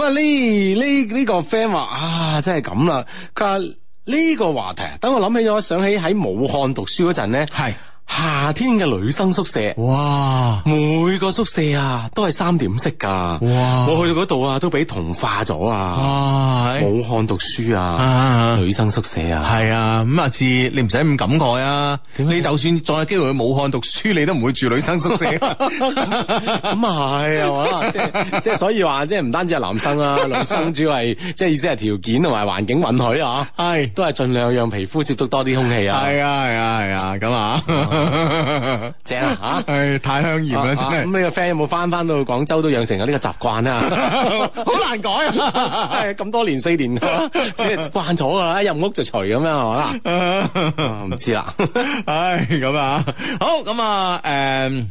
Speaker 1: 呢呢呢個 friend 話啊，真係咁啦。佢話呢個話題，等我諗起咗，想起喺武漢讀書嗰陣咧。係。 嗯 夏天嘅女生宿舍，哇！每個宿舍啊，都係三點式噶，哇！我去到嗰度啊，都俾同化咗啊，武漢讀書啊，女生宿舍啊，係啊，咁阿智，你唔使咁感慨啊，你就算再有機會去武漢讀書，你都唔會住女生宿舍，咁啊係啊，即係即係所以話，即係唔單止係男生啊，女生主要係即係意思係條件同埋環境允許啊，係，都係盡量讓皮膚接觸多啲空氣啊，係啊係啊係啊，咁啊。正啦吓，係、哎、太香鹽啦。咁呢個 friend 有冇翻翻到廣州都養成咗呢個習慣啊？好 難改啊！咁 多年四年，即係慣咗噶啦，入屋就除咁樣係嘛啦。唔知啦，唉咁啊。好咁啊，誒、嗯、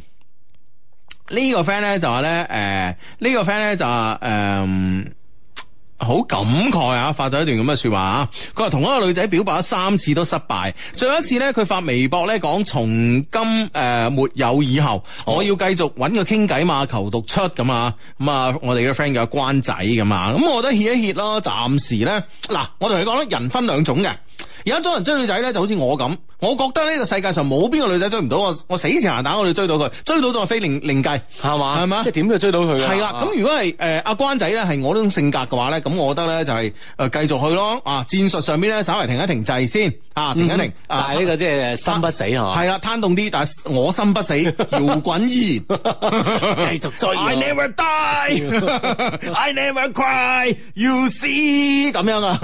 Speaker 1: 呢、這個 friend 咧就話咧，誒、嗯、呢、這個 friend 咧就話誒。嗯好感慨啊！發咗一段咁嘅說話啊，佢話同一個女仔表白咗三次都失敗，最後一次呢，佢發微博呢講從今誒、呃、沒有以後，我要繼續揾佢傾偈嘛，求讀出咁啊咁啊！我哋嘅 friend 叫關仔咁啊，咁、嗯、我覺得歇一歇咯，暫時呢。嗱，我同你講咧，人分兩種嘅。而家多人追女仔咧，就好似我咁，我覺得呢個世界上冇邊個女仔追唔到我，我死纏爛打我哋追到佢，追到就非零另計係嘛，係嘛，即係點都追到佢啦。係啦，咁如果係誒阿關仔咧，係我呢種性格嘅話咧，咁我覺得咧就係誒繼續去咯啊，戰術上邊咧稍微停一停掣先。啊，停一停，啊呢個即係心不死嗬，係啦，攤凍啲，但係我心不死，搖滾依然繼續追，I never die，I never cry，you see，咁樣啊，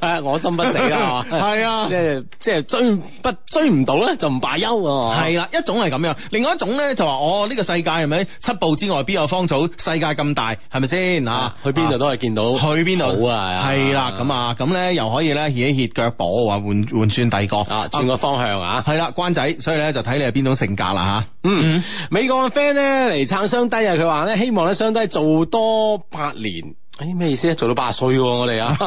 Speaker 1: 誒，我心不死啊，係啊，即係即係追不追唔到咧就唔罷休啊，係啦，一種係咁樣，另外一種咧就話哦呢個世界係咪？七步之外邊有芳草，世界咁大係咪先啊？去邊度都係見到，去邊度，係啦咁啊，咁咧又可以咧歇一歇腳步。換換轉第二個，轉、啊、個方向啊，係啦，關仔，所以咧就睇你係邊種性格啦吓。嗯，嗯，美國嘅 friend 咧嚟撐雙低啊，佢話咧希望咧雙低做多八年。係咩意思啊？做到八十歲喎，我哋啊，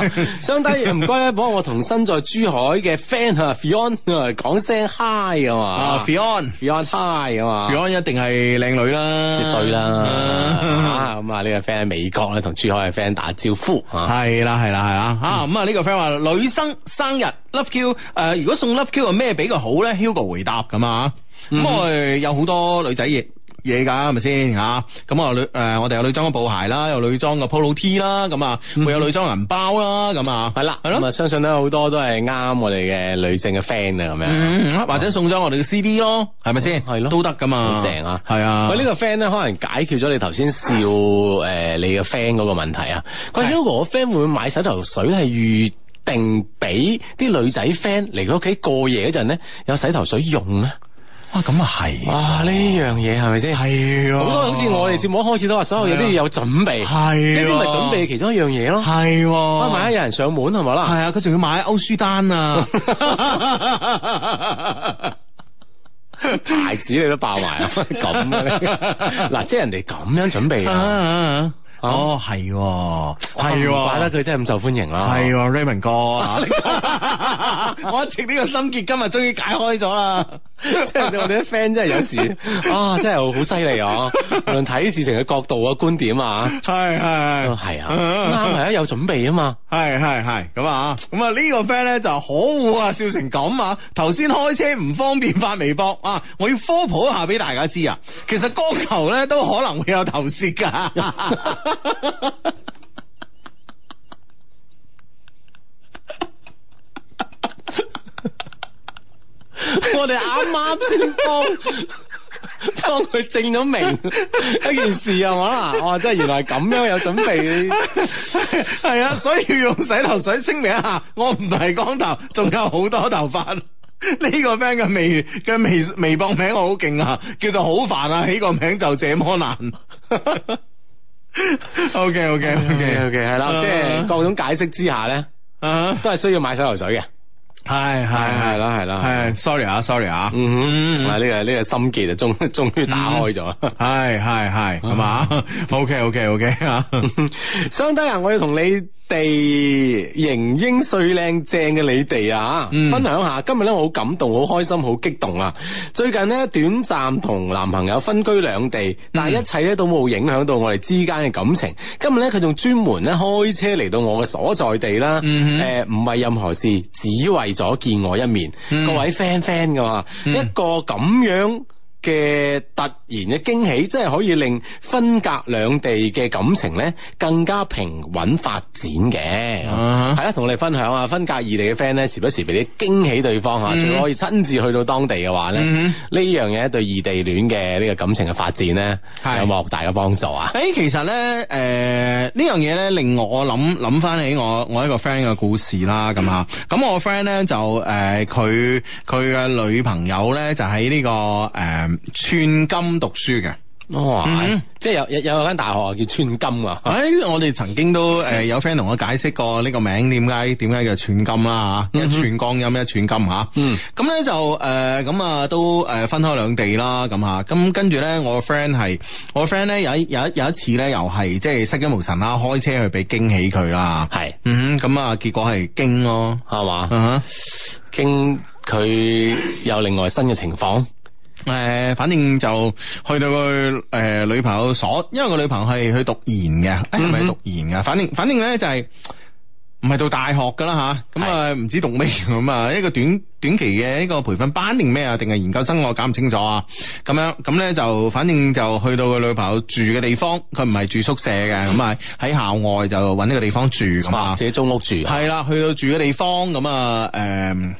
Speaker 1: 相低唔該咧，幫我同身在珠海嘅 friend 啊 Fion 講聲 hi 啊嘛 Fion Fion hi 啊嘛 Fion 一定係靚女啦，ania, aron, 絕對啦，咁啊呢個 friend 美國咧，同珠海嘅 friend 打招呼，係啦係啦係啦，吓咁啊呢個 friend 話女生生日 love q，誒如果送 love q 係咩比較好咧？Hugo 回答咁啊，咁我、uh, UH, 嗯嗯、有好多女仔嘢。嘢㗎，係咪先嚇？咁啊女誒、嗯，我哋有、呃、有女裝嘅布鞋啦，有女裝嘅 Polo T 啦，咁啊，會有女裝銀包啦，咁啊，係啦、嗯哼，係咯，咁啊，相信咧，好多都係啱我哋嘅女性嘅 friend 啊，咁樣，或者送咗我哋嘅 CD 咯、嗯哼，係咪先？係咯、嗯哼，都得㗎嘛，好正啊，係啊。喂，呢個 friend 咧，可能解決咗你頭先笑誒、 呃、你嘅 friend 嗰個問題啊。咁的我 friend 會唔會買洗頭水係預定俾啲女仔 friend 嚟佢屋企過夜嗰陣咧，有洗頭水用啊？哇，咁啊係！哇，呢樣嘢係咪先？係啊，好多好似我哋節目開始都話，所有嘢都要有準備，呢啲咪準備其中一樣嘢咯。係，萬一有人上門係咪啦？係啊，佢仲要買歐舒丹啊，牌子你都爆埋，啊。咁嘅。嗱，即係人哋咁樣準備啊！哦，係，係，怪得佢真係咁受歡迎啦。係，Raymond 哥，我一直呢個心結今日終於解開咗啦。即係 我哋啲 friend，真係有時 啊，真係好犀利啊！ 無論睇事情嘅角度啊、觀點啊，係係係啊，啱係啊，有準備啊嘛，係係係咁啊，咁啊呢個 friend 咧就可惡啊，笑成咁啊！頭先開車唔方便發微博啊，我要科普一下俾大家知啊，其實光頭咧都可能會有頭屑噶。 我哋啱啱先幫幫佢證咗明一件事啊、就是，我啦，哇！真係原來咁樣有準備，係啊， 所以要用洗頭水聲明一下，我唔係光頭，仲有好多頭髮。呢 個 friend 嘅微嘅微微博名我好勁啊，叫做好煩啊，起個名就這麼難。 OK OK OK OK，係啦，即係各種解釋之下咧，都係需要買洗頭水嘅。係係係啦係啦係，sorry 啊 sorry 啊、mm hmm. 啊，嗯、這、嗯、個，啊呢個呢個心結就終終於打開咗，係係係，咁啊 ok ok ok 啊、okay. 雙低人我要同你。地型英碎靚正嘅你哋啊，嗯、分享下今日咧，我好感動，好開心，好激動啊！最近咧短暫同男朋友分居兩地，但係一切咧都冇影響到我哋之間嘅感情。今日咧佢仲專門咧開車嚟到我嘅所在地啦，誒唔係任何事，只為咗見我一面。嗯、各位 friend friend 嘅話，嗯、一個咁樣。嘅突然嘅驚喜，即係可以令分隔兩地嘅感情咧，更加平穩發展嘅。係啦、uh，同我哋分享啊，分隔異地嘅 friend 咧，時不時俾啲驚喜對方吓，仲、uh huh. 可以親自去到當地嘅話咧，呢樣嘢對異地戀嘅呢個感情嘅發展咧，係有莫大嘅幫助啊。誒是，其實咧，誒呢樣嘢咧，這個、令我諗諗翻起我我一個 friend 嘅故事啦。咁、uh huh. 啊，咁我 friend 咧就誒，佢佢嘅女朋友咧就喺呢、這個誒。呃寸金讀書嘅，哇、嗯！即係有有有間大學叫寸金啊！哎、嗯，我哋曾經都誒有 friend 同我解釋過呢個名點解點解叫寸金啦、啊、吓、嗯哼，一寸光陰一寸金吓、啊。嗯，咁咧就誒咁啊都誒分開兩地啦咁吓，咁、啊、跟住咧我個 friend 係我個 friend 咧有有一有一次咧又係即係失驚無神啦、啊，開車去俾驚喜佢啦，係是嗯咁啊結果係驚咯係嘛，驚佢吧、啊、有另外新嘅情況。誒、呃，反正就去到佢誒、呃、女朋友所，因為個女朋友係去讀研嘅，係咪、嗯、讀研嘅。反正反正咧就係唔係讀大學噶啦吓，咁啊唔知讀咩咁啊？是一個短短期嘅一個培訓班定咩啊？定係研究生我搞唔清楚啊！咁樣咁咧就，反正就去到佢女朋友住嘅地方，佢唔係住宿舍嘅，咁、嗯、啊喺校外就搵呢個地方住咁啊，嗯、自己租屋住係啦、啊，去到住嘅地方咁啊，誒、嗯。嗯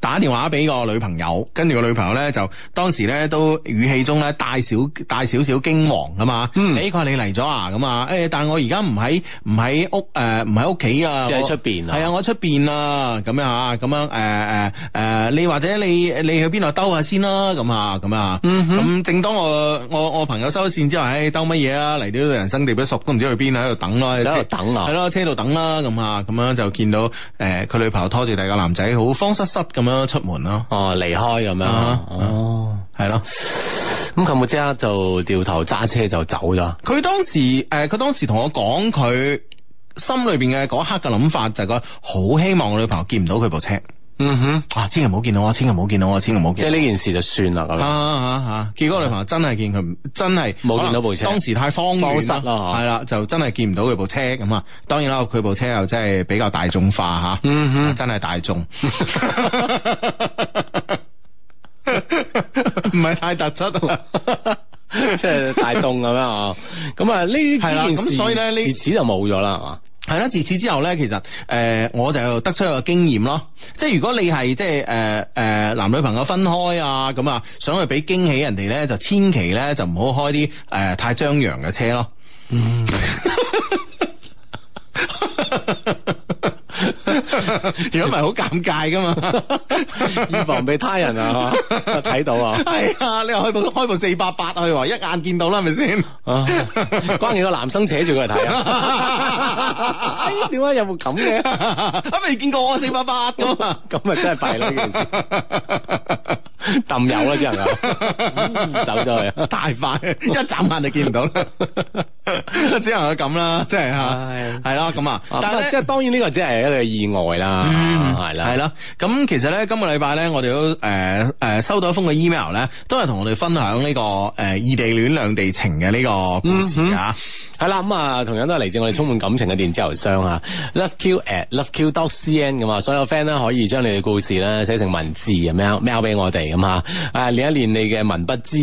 Speaker 1: 打電話俾個女朋友，跟住個女朋友咧就當時咧都語氣中咧帶少帶少少驚惶噶嘛。哎，佢話你嚟咗啊？咁我啊，誒、嗯，但係我而家唔喺唔喺屋誒唔喺屋企啊，即係喺出邊啊？係啊，我喺出邊啊，咁樣嚇，咁樣誒誒誒，你或者你你去邊度兜下先啦，咁啊，咁、嗯、啊，咁、嗯、正當我我我朋友收咗線之後，誒、欸，兜乜嘢啊？嚟到人生地不熟，都唔知去邊喺度等咯，喺度等啊，係咯車，等車度等啦，咁、嗯、嚇，咁、嗯、樣就見到誒佢、呃、女朋友拖住第個男仔，好慌失失咁。咁樣出門咯，哦離開咁樣，嗯、哦，係咯了，咁佢冇即刻就掉頭揸車就走咗。佢當時，誒、呃，佢當時同我講，佢心裏邊嘅嗰一刻嘅諗法就係佢好希望，我女朋友見唔到佢部車。嗯哼，啊，千祈唔好見到我，千祈唔好見到我，千祈唔好，即係呢件事就算啦咁。啊啊啊！結果個女朋友真係見佢真係冇見到部車，當時太慌失失啦，係啦，就真係見唔到佢部車咁啊。當然啦，佢部車又真係比較大眾化吓，嗯哼，真係大眾，唔係太突出，即係大眾咁樣啊。咁啊，呢幾件事咁所以咧，自此就冇咗啦，係嘛。係啦，自此之後呢，其實誒、呃，我就得出一個經驗咯。即係如果你係即係誒誒男女朋友分開啊，咁啊，想去俾驚喜人哋呢，就千祈呢，就唔好開啲誒太張揚嘅車咯。嗯 如果唔係好尷尬噶嘛，預 防俾他人啊睇 到啊，係、 哎、啊，你又開部開部四八八去你一眼見到啦，係咪先？關鍵個男生扯住佢嚟睇啊，點 解、哎、有冇咁嘅？都 未見過我四八八噶嘛？咁啊 真係弊啦，抌 油啦，只係走咗去，太 快，一眨眼就見唔到啦，只能夠咁啦，真係啊，係 咯轟油。笑轟笑轟咁啊，但係咧，即係當然呢個只係一個意外啦，係、嗯、啦，係咯、嗯。咁其實咧，今個禮拜咧，我哋都誒誒、呃呃、收到一封嘅 email 咧，都係同我哋分享呢、這個誒異、呃、地戀兩地情嘅呢個故事啊。係、嗯嗯、啦，咁、嗯、啊，同樣都係嚟自我哋充滿感情嘅電子郵箱啊，love q at love q dot c n 咁啊。所有 friend 咧可以將你嘅故事咧寫成文字咁樣 mail 俾我哋咁啊。啊，練一練你嘅文筆之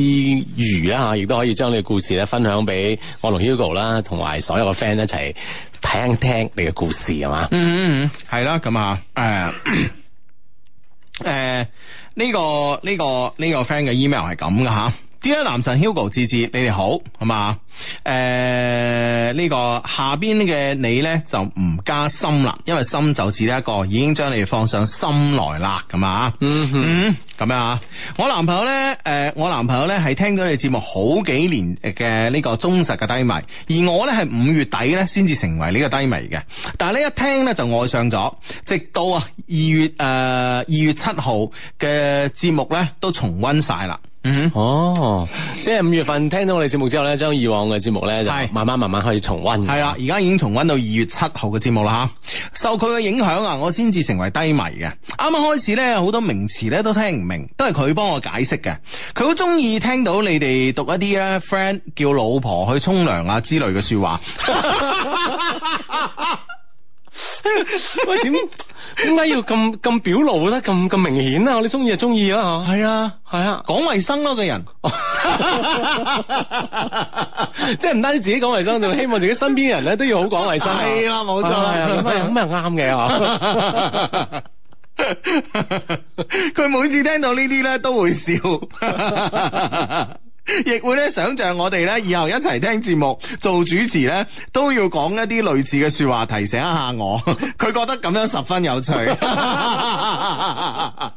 Speaker 1: 餘啦，吓亦都可以將你嘅故事咧分享俾我同 Hugo 啦，同埋所有嘅 friend 一齊。聽聽你嘅故事係嘛、嗯？嗯嗯嗯，係啦，咁啊，誒、呃、誒，呢、呃呢個呢、呢個呢、呢個 friend 嘅 email 係咁噶吓。點解男神 Hugo 芝芝，你哋好好嘛？誒、呢、呃呢個下邊嘅你呢，就唔加心啦，因為心就似係一個，已經將你哋放上心來啦，咁啊、 嗯，嗯，咁樣啊，我男朋友呢，誒、呃，我男朋友呢係聽咗你哋節目好幾年嘅呢個忠實嘅低迷，而我呢，係五月底呢先至成為呢個低迷嘅，但係呢，一聽呢，就愛上咗，直到二月誒二、呃、月七號嘅節目呢，都重溫晒啦。嗯哼，mm hmm. 哦，即係五月份聽到我哋節目之後呢，將以往嘅節目呢就慢慢慢慢開始重溫。係啦，而家已經重溫到二月七號嘅節目啦吓。受佢嘅影響啊，我先至成為低迷嘅。啱啱開始呢，好多名詞呢都聽唔明，都係佢幫我解釋嘅。佢好中意聽到你哋讀一啲呢「friend」叫老婆去沖涼啊之類嘅說話。 喂，點點解要咁咁表露得咁咁明顯啊！我哋中意就中意啦，吓，係啊係啊，講衛生咯，個 人即係唔單止自己講衛生，仲希望自己身邊人咧都要好講衛生。係 啊，冇錯，係啊咁啊，啱嘅嗬。佢、啊啊啊、 每次聽到呢啲咧，都會笑。 亦會咧想像我哋咧以後一齊聽節目做主持咧，都要講一啲類似嘅説話，提醒一下我。佢 覺得咁樣十分有趣。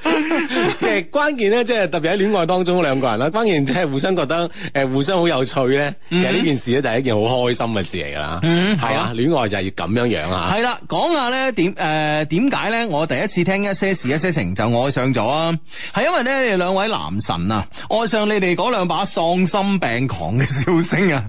Speaker 1: 即 係關鍵咧，即係特別喺戀愛當中，兩個人啦。關鍵即係互相覺得誒、呃，互相好有趣咧。其實呢件事咧，就係一件好開心嘅事嚟噶啦。係啊，戀愛就係要咁樣樣啊。係啦，講下咧點誒，點解咧、呃，我第一次聽一些事一些情就愛上咗啊？係因為咧，你哋兩位男神啊，愛上你哋嗰兩把喪心病狂嘅笑聲啊！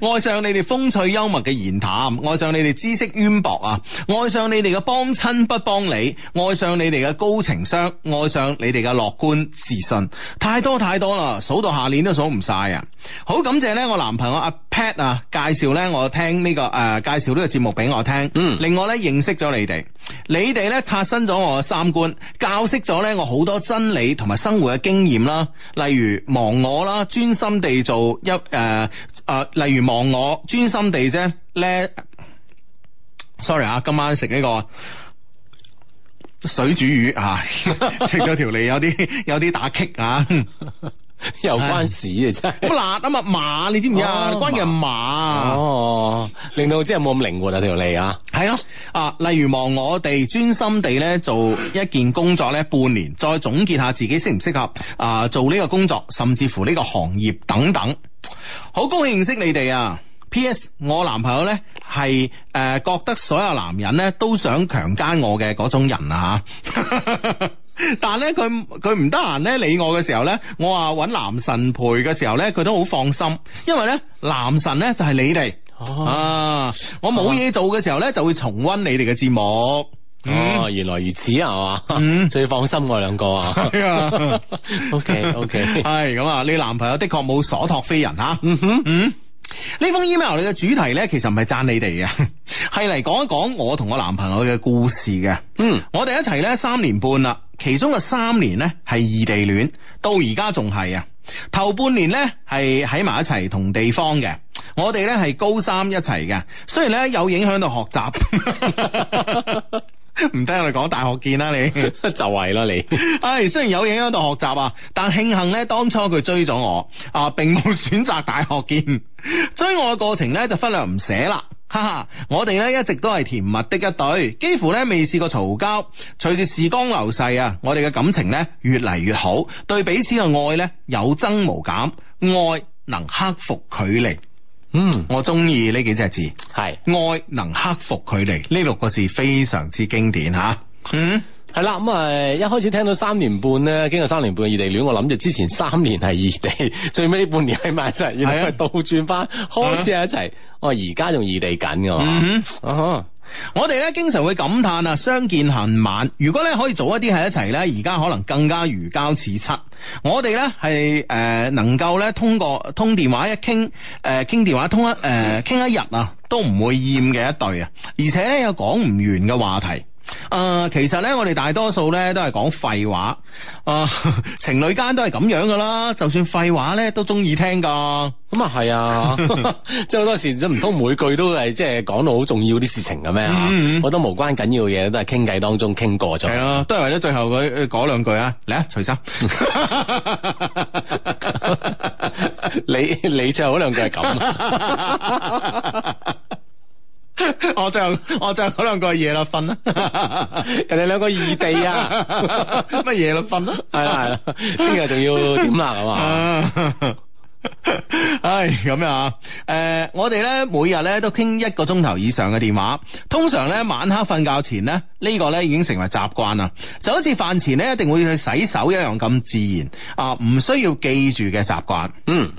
Speaker 1: 愛上你哋風趣幽默嘅言談，愛上你哋知識淵博啊，愛上你哋嘅幫親不幫你，愛上你哋嘅高情商，愛上你哋嘅樂觀自信，太多太多啦，數到下年都數唔晒啊！好感謝呢我男朋友阿、啊、Pat 啊，介紹呢我聽呢、這個誒、呃，介紹呢個節目俾我聽。嗯，另外呢，認識咗你哋，你哋呢，刷新咗我嘅三觀，教識咗呢我好多真理同埋生活嘅經驗啦，例如忘我啦，專心地做一誒誒。呃呃呃例如望我專心地啫，咧，sorry 啊，今晚食呢個水煮魚啊，食咗條脷有啲有啲打激啊。嗯又關事啊！真咁辣啊嘛，馬你知唔知啊？關人馬哦，令到我真係冇咁靈活啦條脷！啊，係啊，啊，例如望我哋專心地咧做一件工作咧半年，再總結下自己適唔適合啊做呢個工作，甚至乎呢個行業等等。好高興認識你哋啊！P.S. 我男朋友咧係誒覺得所有男人咧都想強姦我嘅嗰種人啊！ 但係咧，佢佢唔得閒咧理我嘅時候咧，我話搵男神陪嘅時候咧，佢都好放心，因為咧男神咧就係你哋啊！我冇嘢做嘅時候咧，就會重溫你哋嘅節目。哦、嗯啊，原來如此係、啊、嘛，嗯、最放心我兩個啊。啊 OK OK，係咁啊，你男朋友的確冇所託非人吓。嗯哼嗯。呢封 email 你嘅主題呢，其實唔係讚你哋嘅，係嚟講一講我同我男朋友嘅故事嘅。嗯，我哋一齊呢三年半啦，其中嘅三年呢係異地戀，到而家仲係啊。頭半年呢係喺埋一齊同地方嘅，我哋呢係高三一齊嘅，雖然呢有影響到學習。 唔 聽我哋講大學見啦，你 就係啦你。唉， 雖然有影響到學習啊，但慶幸呢，當初佢追咗我啊，並冇選擇大學見。追 我嘅過程呢，就忽略唔寫啦，哈哈。我哋呢一直都係甜蜜的一對，幾乎呢未試過嘈交。隨住時光流逝啊，我哋嘅感情呢越嚟越好，對彼此嘅愛呢，有增無減，愛能克服距離。嗯，我中意呢幾隻字，係是愛能克服佢哋。呢六個字非常之經典吓。啊、嗯，係啦，咁啊一開始聽到三年半咧，經過三年半嘅異地戀，我諗住之前三年係異地，最尾半年喺埋一齊，原來倒轉翻、啊、開始喺一齊，啊、我而家仲異地緊噶。嗯我哋咧經常會感嘆啊，相見恨晚。如果咧可以早一啲喺一齊咧，而家可能更加如膠似漆。我哋咧係誒能夠咧通過通電話一傾誒傾電話通一誒傾、呃、一日啊，都唔會厭嘅一對啊，而且咧有講唔完嘅話題。誒、呃，其實咧，我哋大多數咧都係講廢話，誒、呃，情侶間都係咁樣噶啦，就算廢話咧，都中意聽噶，咁啊係啊，即係好多時唔通每句都係即係講到好重要啲事情嘅咩？嗯、啊，好多無關緊要嘢都係傾偈當中傾過咗，係咯、啊，都係為咗最後佢講兩句啊，嚟啊，徐生， 你你最後嗰兩句係咁。 我再我再講兩句嘢啦，瞓啦！人哋兩個異地啊，乜嘢啦，瞓 啦、 哎！係啦係啦，聽日仲要點啦咁啊！唉，咁樣啊！誒，我哋咧每日咧都傾一個鐘頭以上嘅電話，通常咧晚黑瞓覺前咧呢、呢個咧已經成為習慣啦，就好似飯前咧一定會去洗手一樣咁自然啊，唔需要記住嘅習慣，嗯。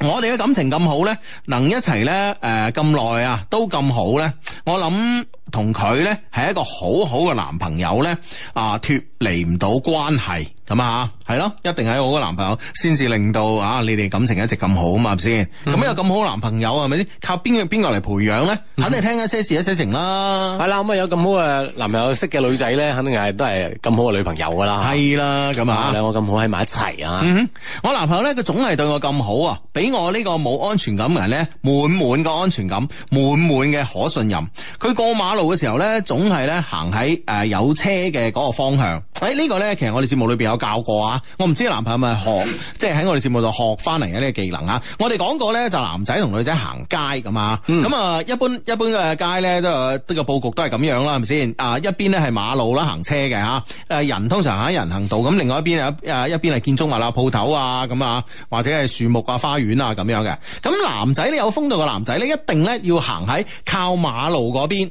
Speaker 1: 我哋嘅感情咁好咧，能一齊咧，誒，咁耐啊，都咁好咧，我諗。同佢咧係一個好好嘅男朋友咧，啊脫離唔到關係咁啊，係咯，一定係我個男朋友先至令到啊你哋感情一直咁好啊嘛，係咪先、嗯、咁、嗯、有咁好嘅男朋友係咪先？靠邊個邊個嚟培養咧、嗯嗯嗯？肯定聽一些事一些情啦，係啦。咁有咁好嘅男朋友識嘅女仔咧，肯定係都係咁好嘅女朋友噶啦，係啦，咁啊，嗯、我兩個咁好喺埋一齊啊、嗯。我男朋友咧，佢總係對我咁好啊，俾我呢個冇安全感嘅人咧，滿滿嘅安全感，滿滿嘅可信任。佢過馬。路嘅時候呢，總係咧行喺誒有車嘅嗰個方向。喺、哎、呢、呢個呢，其實我哋節目裏邊有教過啊。我唔知男朋友咪學，即係喺我哋節目度學翻嚟嘅呢個技能啊。我哋講過呢，就是，男仔同女仔行街咁啊。咁啊，嗯，一般一般嘅街呢，都呢個、呃、佈局都係咁樣啦，係咪先啊？一邊呢係馬路啦，行車嘅吓，誒，人通常行喺人行道咁，另外一邊啊一邊係建築物啦、鋪頭啊咁啊，或者係樹木啊、花園啊咁樣嘅。咁男仔呢，有風度嘅男仔呢，一定呢要行喺靠馬路嗰邊。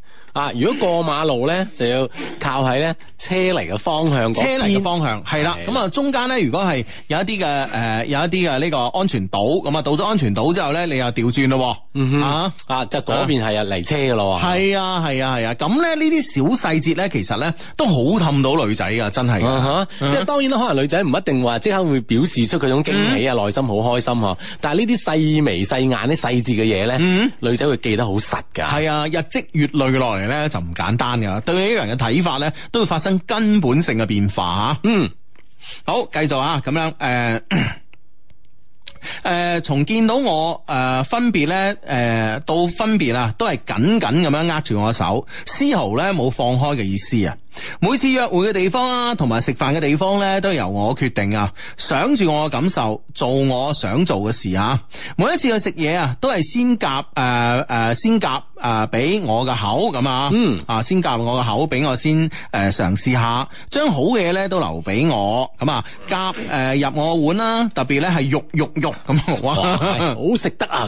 Speaker 1: 啊！如果過馬路咧，就要靠喺咧車嚟嘅方向。車嚟嘅方向係啦。咁啊，中間咧，如果係有一啲嘅誒，有一啲嘅呢個安全島，咁啊到咗安全島之後咧，你又調轉咯。嗯啊啊，就嗰邊係啊，嚟車嘅咯。係啊係啊係啊！咁咧呢啲小細節咧，其實咧都好氹到女仔噶，真係。啊哈！即係當然啦，可能女仔唔一定話即刻會表示出嗰種驚喜啊，內心好開心啊。但係呢啲細眉細眼啲細節嘅嘢咧，女仔會記得好實噶。係啊，日積月累來。咧就唔簡單噶啦，對呢個人嘅睇法咧都會發生根本性嘅變化吓。嗯，好，繼續啊，咁樣，誒、呃，誒、呃，從見到我誒、呃、分別咧，誒、呃、到分別啊，都係緊緊咁樣握住我手，絲毫咧冇放開嘅意思啊。每次約會嘅地方啦，同埋食飯嘅地方咧，都由我決定啊！想住我嘅感受，做我想做嘅事啊！每一次去食嘢啊，都係先夾誒誒，先夾誒俾我嘅口咁啊！嗯啊，先夾我嘅口，俾我先誒嘗試下，將好嘢咧都留俾我咁啊，夾誒入我碗啦！特別咧係肉肉肉咁啊，好食得啊！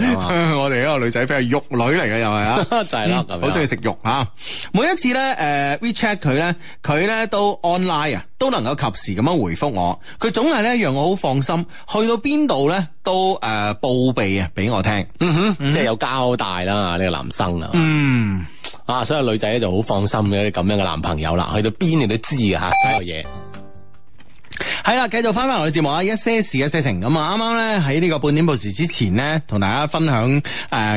Speaker 1: 我哋呢個女仔佢係肉女嚟嘅又係啊，就係啦，好中意食肉啊！每一次咧誒，WeChat 佢咧。佢咧都 online 啊，都能夠及時咁樣回覆我，佢總係咧讓我好放心。去到邊度咧都誒報備啊，俾我聽，嗯哼，即係有交代啦。呢個男生啊，嗯啊，所以女仔咧就好放心嘅啲咁樣嘅男朋友啦。去到邊你都知嘅，吓，呢個嘢。係啦，繼續翻翻我哋節目啊！一些事一些情咁啊，啱啱咧喺呢個半點報時之前咧，同大家分享誒，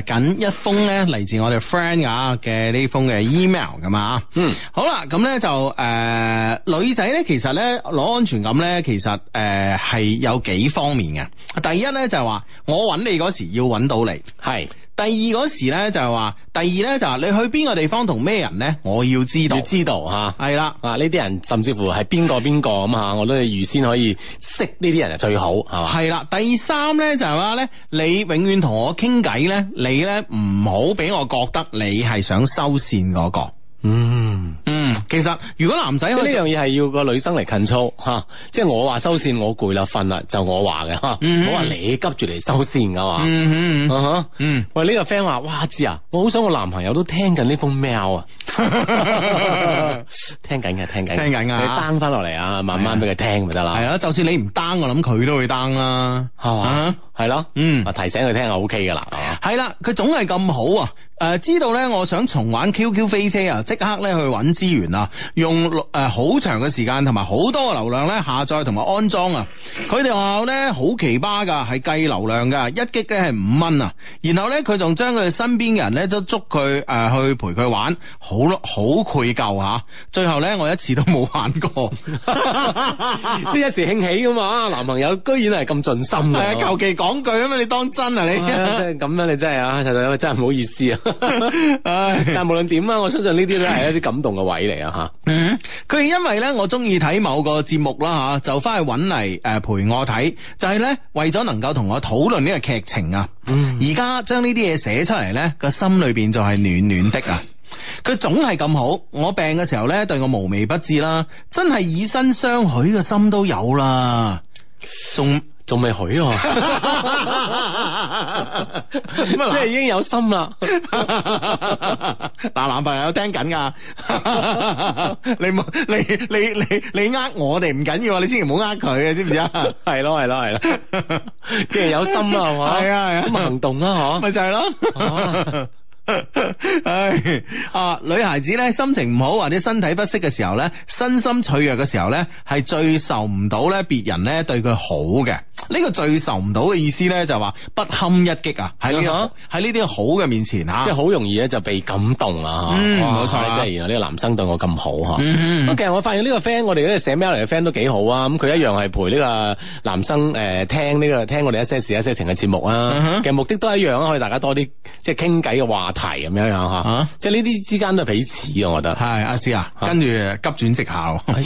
Speaker 1: 緊、呃、一封咧嚟自我哋 friend 啊嘅呢封嘅 email 噶嘛，嗯，好啦，咁咧就誒、呃，女仔咧其實咧攞安全感咧，其實誒係、呃、有幾方面嘅。第一咧就係、是、話，我揾你嗰時要揾到你，係。第二嗰時呢，就係話，第二呢，就係你去邊個地方同咩人呢？我要知道。要知道吓，係啦，啊呢啲的、啊、人甚至乎係邊個邊個咁啊，我都係預先可以識呢啲人係最好係嘛。係啦，第三呢，就係話呢，你永遠同我傾偈呢，你呢唔好俾我覺得你係想收線嗰、嗰個。嗯嗯，其實如果男仔呢樣嘢係要個女生嚟 control 吓，即係我話收線我攰啦，瞓啦就我話嘅吓，我話、嗯、你急住嚟收線噶嘛，嗯嗯、啊哈，嗯，喂呢、這個 friend 話，哇知啊，我好想我男朋友都聽緊呢封 mail 啊， 聽緊嘅，聽緊，聽緊啊，你 down 翻落嚟啊，慢慢俾佢、啊、聽咪得啦，係啊，就算你唔 down，我諗佢都會 down 啦，係嘛、啊。啊係咯，嗯，啊，提醒佢聽就 O K 噶啦，係啦，嗯，佢總係咁好啊，誒、呃，知道咧，我想重玩 Q Q 飛車啊，即刻咧去揾資源啊，用誒好長嘅時間同埋好多流量咧下載同埋安裝啊，佢哋學校咧好奇葩噶，係計流量噶，一擊嘅係五蚊啊，然後咧佢仲將佢身邊嘅人咧都捉佢誒去陪佢玩，好咯，好愧疚吓，最後咧我一次都冇玩過， 即係一時興起噶嘛，男朋友居然係咁盡心嘅，究竟 講句啊嘛，你當真啊你？真係咁樣，你真係啊，太太，真係唔好意思啊！唉， 但係無論點啊，我相信呢啲都係一啲感動嘅位嚟啊！吓，嗯，佢因為咧，我中意睇某個節目啦，吓，就翻去搵嚟誒陪我睇，就係咧為咗能夠同我討論呢個劇情啊。嗯，而家將呢啲嘢寫出嚟咧，個心裏邊就係暖暖的啊！佢總係咁好，我病嘅時候咧，對我無微不至啦，真係以身相許嘅心都有啦，仲。仲未許啊， 即係已經有心啦。 但男朋友聽緊噶， 你冇你你你你呃我哋唔緊要，你千祈唔好呃佢，知唔知啊？係咯係咯係咯，既 然有心啦，係嘛？係啊， 咁行動啦，嗬 是了？咪就係咯。唉、 哎，啊、呃，女孩子咧心情唔好或者身體不適嘅時候咧，身心脆弱嘅時候咧，係最受唔到咧別人咧對佢好嘅。呢、這個最受唔到嘅意思咧就話、是、不堪一擊啊！喺呢喺呢啲好嘅面前吓，即係好容易咧就被感動啊！嗯，冇錯哇，即係原來呢個男生對我咁好吓。咁、嗯、其實我發現呢個 friend，我哋咧寫 mail 嚟嘅 friend 都幾好啊！咁佢一樣係陪呢個男生誒、呃、聽呢、這個聽我哋一些事一些情嘅節目啊。嗯、哼其實目的都係一樣，可以大家多啲即係傾偈嘅話。題咁樣樣吓，即係呢啲之間都係彼此啊！我覺得係阿芝啊，啊跟住急轉直下喎，咁、哎、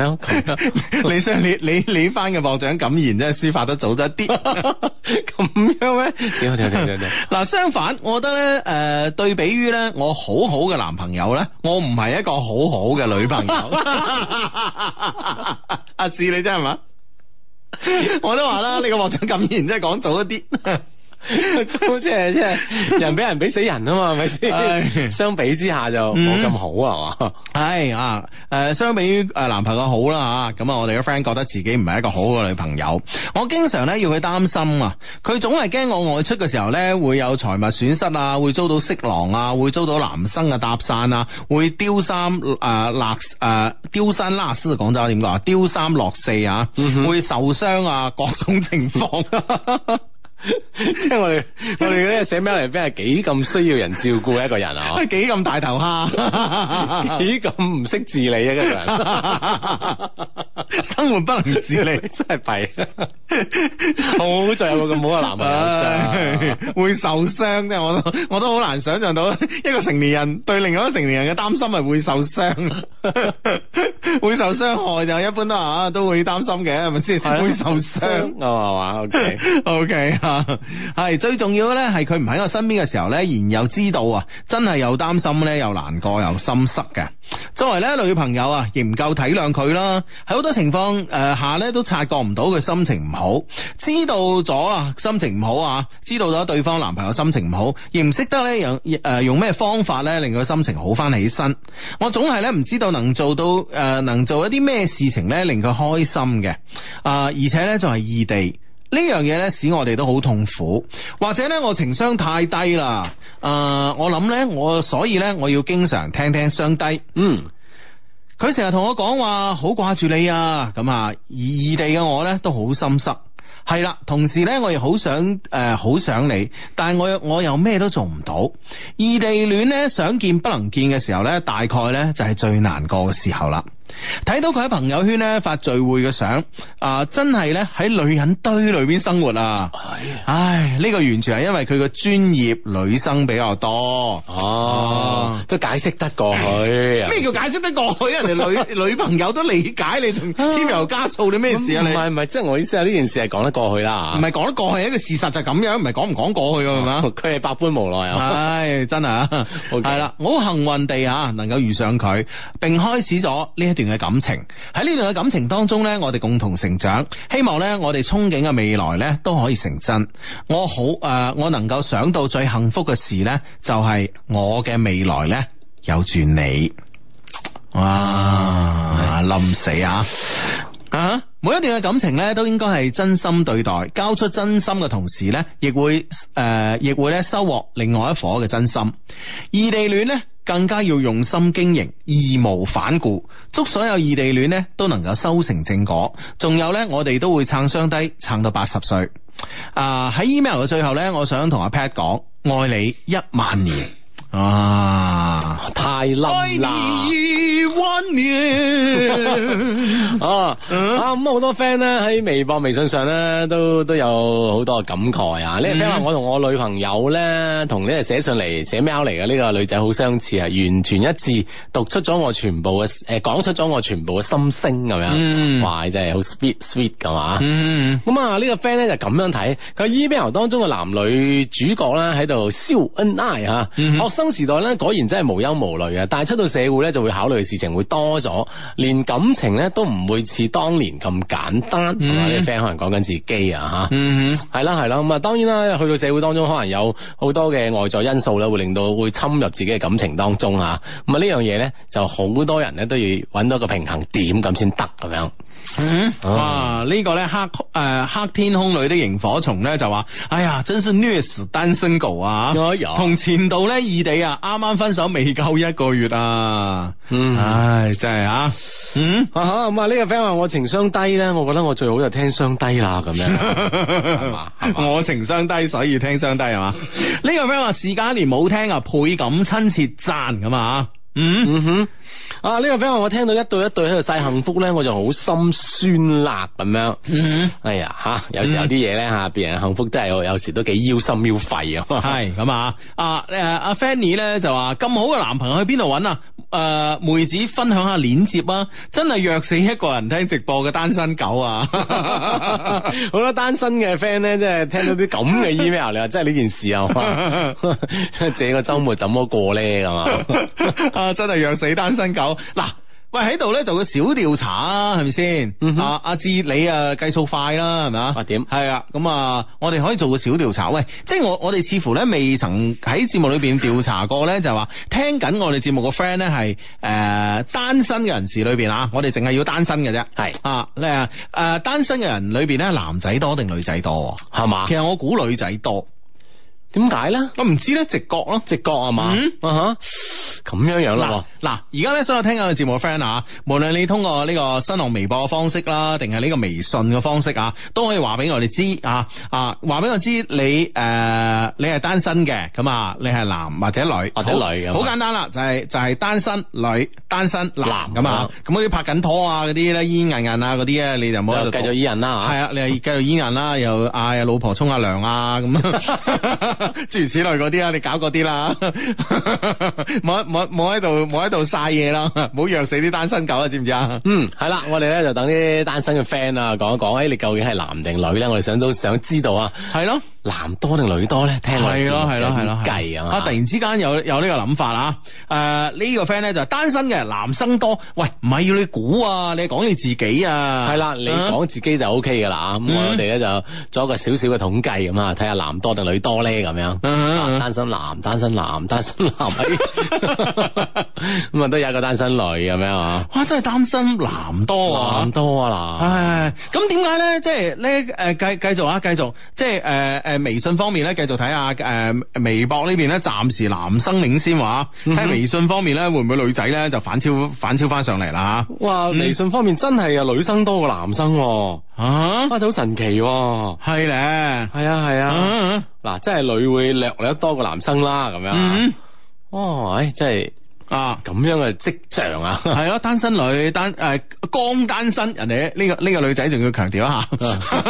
Speaker 1: 樣。你想， 你你你翻嘅獲獎感言真係抒發得早咗一啲，咁 樣咩嗎？嗱， 相反，我覺得咧，誒、呃，對比於咧，我好好嘅男朋友咧，我唔係一個好好嘅女朋
Speaker 2: 友。
Speaker 1: 阿 芝、啊，你真係嘛？我都話啦，你個獲獎感言真係講早一啲。 即係即係人俾人俾死人啊嘛，係咪先？相比之下就冇咁好啊嘛。係啊、嗯，誒、哎呃，相比於誒男朋友好啦吓，咁啊，啊，我哋嘅 friend 覺得自己唔係一個好嘅女朋友。我經常咧要佢擔心啊，佢總係驚我外出嘅時候咧會有財物損失啊，會遭到色狼啊，會遭到男生嘅搭訕啊，會丟三、誒落誒丟三落四，廣州點講啊？丟三落四啊，會受傷啊，各種情況。啊嗯 即係我哋，我哋嗰啲寫咩嚟？咩幾咁需要人照顧一個人啊？幾咁大頭蝦，幾咁唔識自理啊！一個人 生活不能自理， 真係弊。好在有個咁好嘅男朋友、啊哎，會受傷。即係我都，我都好難想象到一個成年人對另一個成年人嘅擔心係會受傷，會受傷害就一般都係都會擔心嘅，係咪先？的會受傷嘅嘛？係嘛？O K O K。okay. okay. 係 最重要嘅咧，係佢唔喺我身邊嘅時候咧，然又知道啊，真係又擔心咧，又難過，又心塞嘅。作為咧女朋友啊，亦唔夠體諒佢啦。喺好多情況誒下咧，都察覺唔到佢心情唔好。知道咗啊，心情唔好啊，知道咗對方男朋友心情唔好，亦唔識得咧用誒用咩方法咧令佢心情好返起身。我總係咧唔知道能做到誒、呃，能做一啲咩事情咧令佢開心嘅啊、呃，而且咧仲係異地。呢樣嘢呢，使我哋都好痛苦，或者呢，我情商太低啦。誒、呃，我諗呢，我所以呢，我要經常聽聽雙低。嗯，佢成日同我講話好掛住你啊，咁啊，異地嘅我呢，都好心塞。係啦，同時呢，我亦好想誒好想你，但係我我又咩都做唔到。異地戀呢，想見不能見嘅時候呢，大概呢，就係最難過嘅時候啦。睇到佢喺朋友圈咧發聚會嘅相，啊，真係咧喺女人堆裏邊生活啊！唉，呢個完全係因為佢個專業女生比較多，哦，都解釋得過去。咩叫解釋得過去？人哋女女朋友都理解你，添油加醋你咩事啊？唔係，唔係，即係我意思係呢件事係講得過去啦，唔係講得過去一個事實就咁樣，唔係講唔講過去噶係嘛？佢係百般無奈啊！唉，真係啊！係啦，我好幸運地啊，能夠遇上佢，並開始咗一段嘅感情，喺呢段嘅感情當中咧，我哋共同成長，希望咧我哋憧憬嘅未來咧都可以成真。我好誒、呃，我能夠想到最幸福嘅事咧，就係、是、我嘅未來咧有住你。哇，冧死啊！啊，啊每一段嘅感情咧都應該係真心對待，交出真心嘅同時咧，亦會誒，亦、呃、會咧收穫另外一顆嘅真心。異地戀咧，更加要用心經營，義無反顧，祝所有異地戀咧都能夠修成正果。仲有咧，我哋都會撐傷低，撐到八十歲啊，喺、uh, email 嘅最後咧，我想同阿 Pat 講愛你一萬年。啊！太嬲啦、 啊！啊啊咁啊！好、嗯、多 friend 咧喺微博、微信上咧都都有好多嘅感慨啊！呢個 friend 話我同我女朋友咧，同呢個寫信嚟寫 mail 嚟嘅呢個女仔好相似啊，完全一致，讀出咗我全部嘅誒，講、呃、出咗我全部嘅心聲咁樣，嗯、哇！真係好 sweet sweet 噶嘛！咁、嗯嗯、啊、這個、呢個 friend 咧就咁樣睇佢 email 當中嘅男女主角咧喺度晒恩愛吓，學生。當時代咧，果然真係無憂無慮嘅，但係出到社會咧，就會考慮嘅事情會多咗，連感情咧都唔會似當年咁簡單。嗯、mm，同埋啲、hmm. friend 可能講緊自己啊，吓、mm，嗯、hmm.，係啦，係啦，咁啊，當然啦，去到社會當中，可能有好多嘅外在因素咧，會令到會侵入自己嘅感情當中啊。咁啊，呢樣嘢咧，就好多人咧都要揾到個平衡點咁先得，咁樣。嗯，哇！呢個咧黑誒黑天空裏的螢火蟲咧就話，哎呀，真是虐死單身狗啊！有有，同前度咧異地啊，啱啱分手未夠一個月啊，嗯，唉音頭，instruments 真係啊，嗯，咁啊，呢個 friend 話我情商低咧，我覺得我最好就聽雙低啦咁樣，係嘛，我情商低所以聽雙低係嘛， 呢個 friend 話時間一年冇聽啊，倍感親切讚咁啊。嗯嗯哼，mm hmm. 啊呢、這個畀我聽到一對一對喺度晒幸福咧，我就好心酸辣咁樣。嗯、mm，hmm. 哎呀吓，有時候啲嘢咧吓，別、mm hmm. 啊、人幸福真係有有時都幾腰心腰肺啊。係咁 啊，啊，阿啊，阿 Fanny 咧就話咁好嘅男朋友去邊度搵啊？誒，梅、uh, 子分享下鏈接啊！真係虐死一個人聽直播嘅單身狗啊！好多單身嘅 friend 咧，即係聽到啲咁嘅 email，你話真係呢件事啊嘛？這個周末怎麼過咧？係嘛？啊，真係虐死單身狗嗱。 喂，喺度咧就會小調查是是、uh huh. 啊，係咪先？阿阿志，你啊計數快啦，係咪啊？快是是啊點？係啊，咁啊，我哋可以做個小調查。喂，即係我我哋似乎咧未曾喺節目裏邊調查過咧，就話、是、聽緊我哋節目嘅 friend 咧係誒單身嘅人士裏邊啊，我哋淨係要單身嘅啫。係啊，咧誒、啊啊、單身嘅人裏邊咧，男仔多定女仔多啊？係嘛嗎？其實我估女仔多，點解咧？我唔知咧，直覺咯，直覺、 嗯、啊嘛。啊哈，咁樣樣啦。嗱，而家咧所有聽緊嘅節目 friend 啊，無論你通過呢個新浪微博嘅方式啦、啊，定係呢個微信嘅方式啊，都可以話俾我哋知啊啊，話、啊、俾我知你誒、呃，你係單身嘅咁啊，你係男或者女，或者女，者女好者者簡單啦是、就是，就係就係單身女、單身男咁啊，咁嗰啲拍緊拖啊，嗰啲咧煙煙韌韌啊，嗰啲咧你就冇喺度繼續煙韌啦、啊，係啊對， 你繼續煙韌啦、啊，又嗌阿老婆沖下涼啊，咁諸如此類嗰啲啊，你搞嗰啲啦，冇冇冇喺度冇喺。 做晒嘢啦，唔好虐死啲單身狗啊！知唔知啊？嗯，係啦，我哋咧就等啲單身嘅 friend 啊講一講，哎、欸，你究竟係男定女咧？我哋想都想知道啊，係咯。.男多定女多咧？聽我先計啊！啊，突然之間有有呢個諗法啊！誒、這個，呢個 friend 咧就係、單身嘅，男生多。喂，唔係要你估啊，你講你自己啊！係啦，你講自己就 O K 噶啦。咁我哋咧就做一個少少嘅統計咁啊，睇下男多定女多咧咁樣。單身男，單身男，單身男，咁啊，都、啊、有 一個單身女咁樣啊！哇、啊，真係單身男多啊！男多啊！男。唉、哎，咁點解咧？即係咧？誒，繼繼續啊！繼續，即係誒誒。微信方面咧，繼續睇下誒、呃，微博呢邊咧，暫時男生領先話，睇下微信方面咧，會唔會女仔咧就反超反超翻上嚟啦？哇，嗯、微信方面真係啊，女生多過男生，啊，好、啊、神奇，係咧，係啊，係啊，嗱、啊，真係女會略略多個男生啦、啊，咁樣，嗯、哦，唉、哎，真係。啊，咁樣嘅跡象啊，係咯，單身女單誒，剛單身人哋呢個呢個女仔仲要強調一下，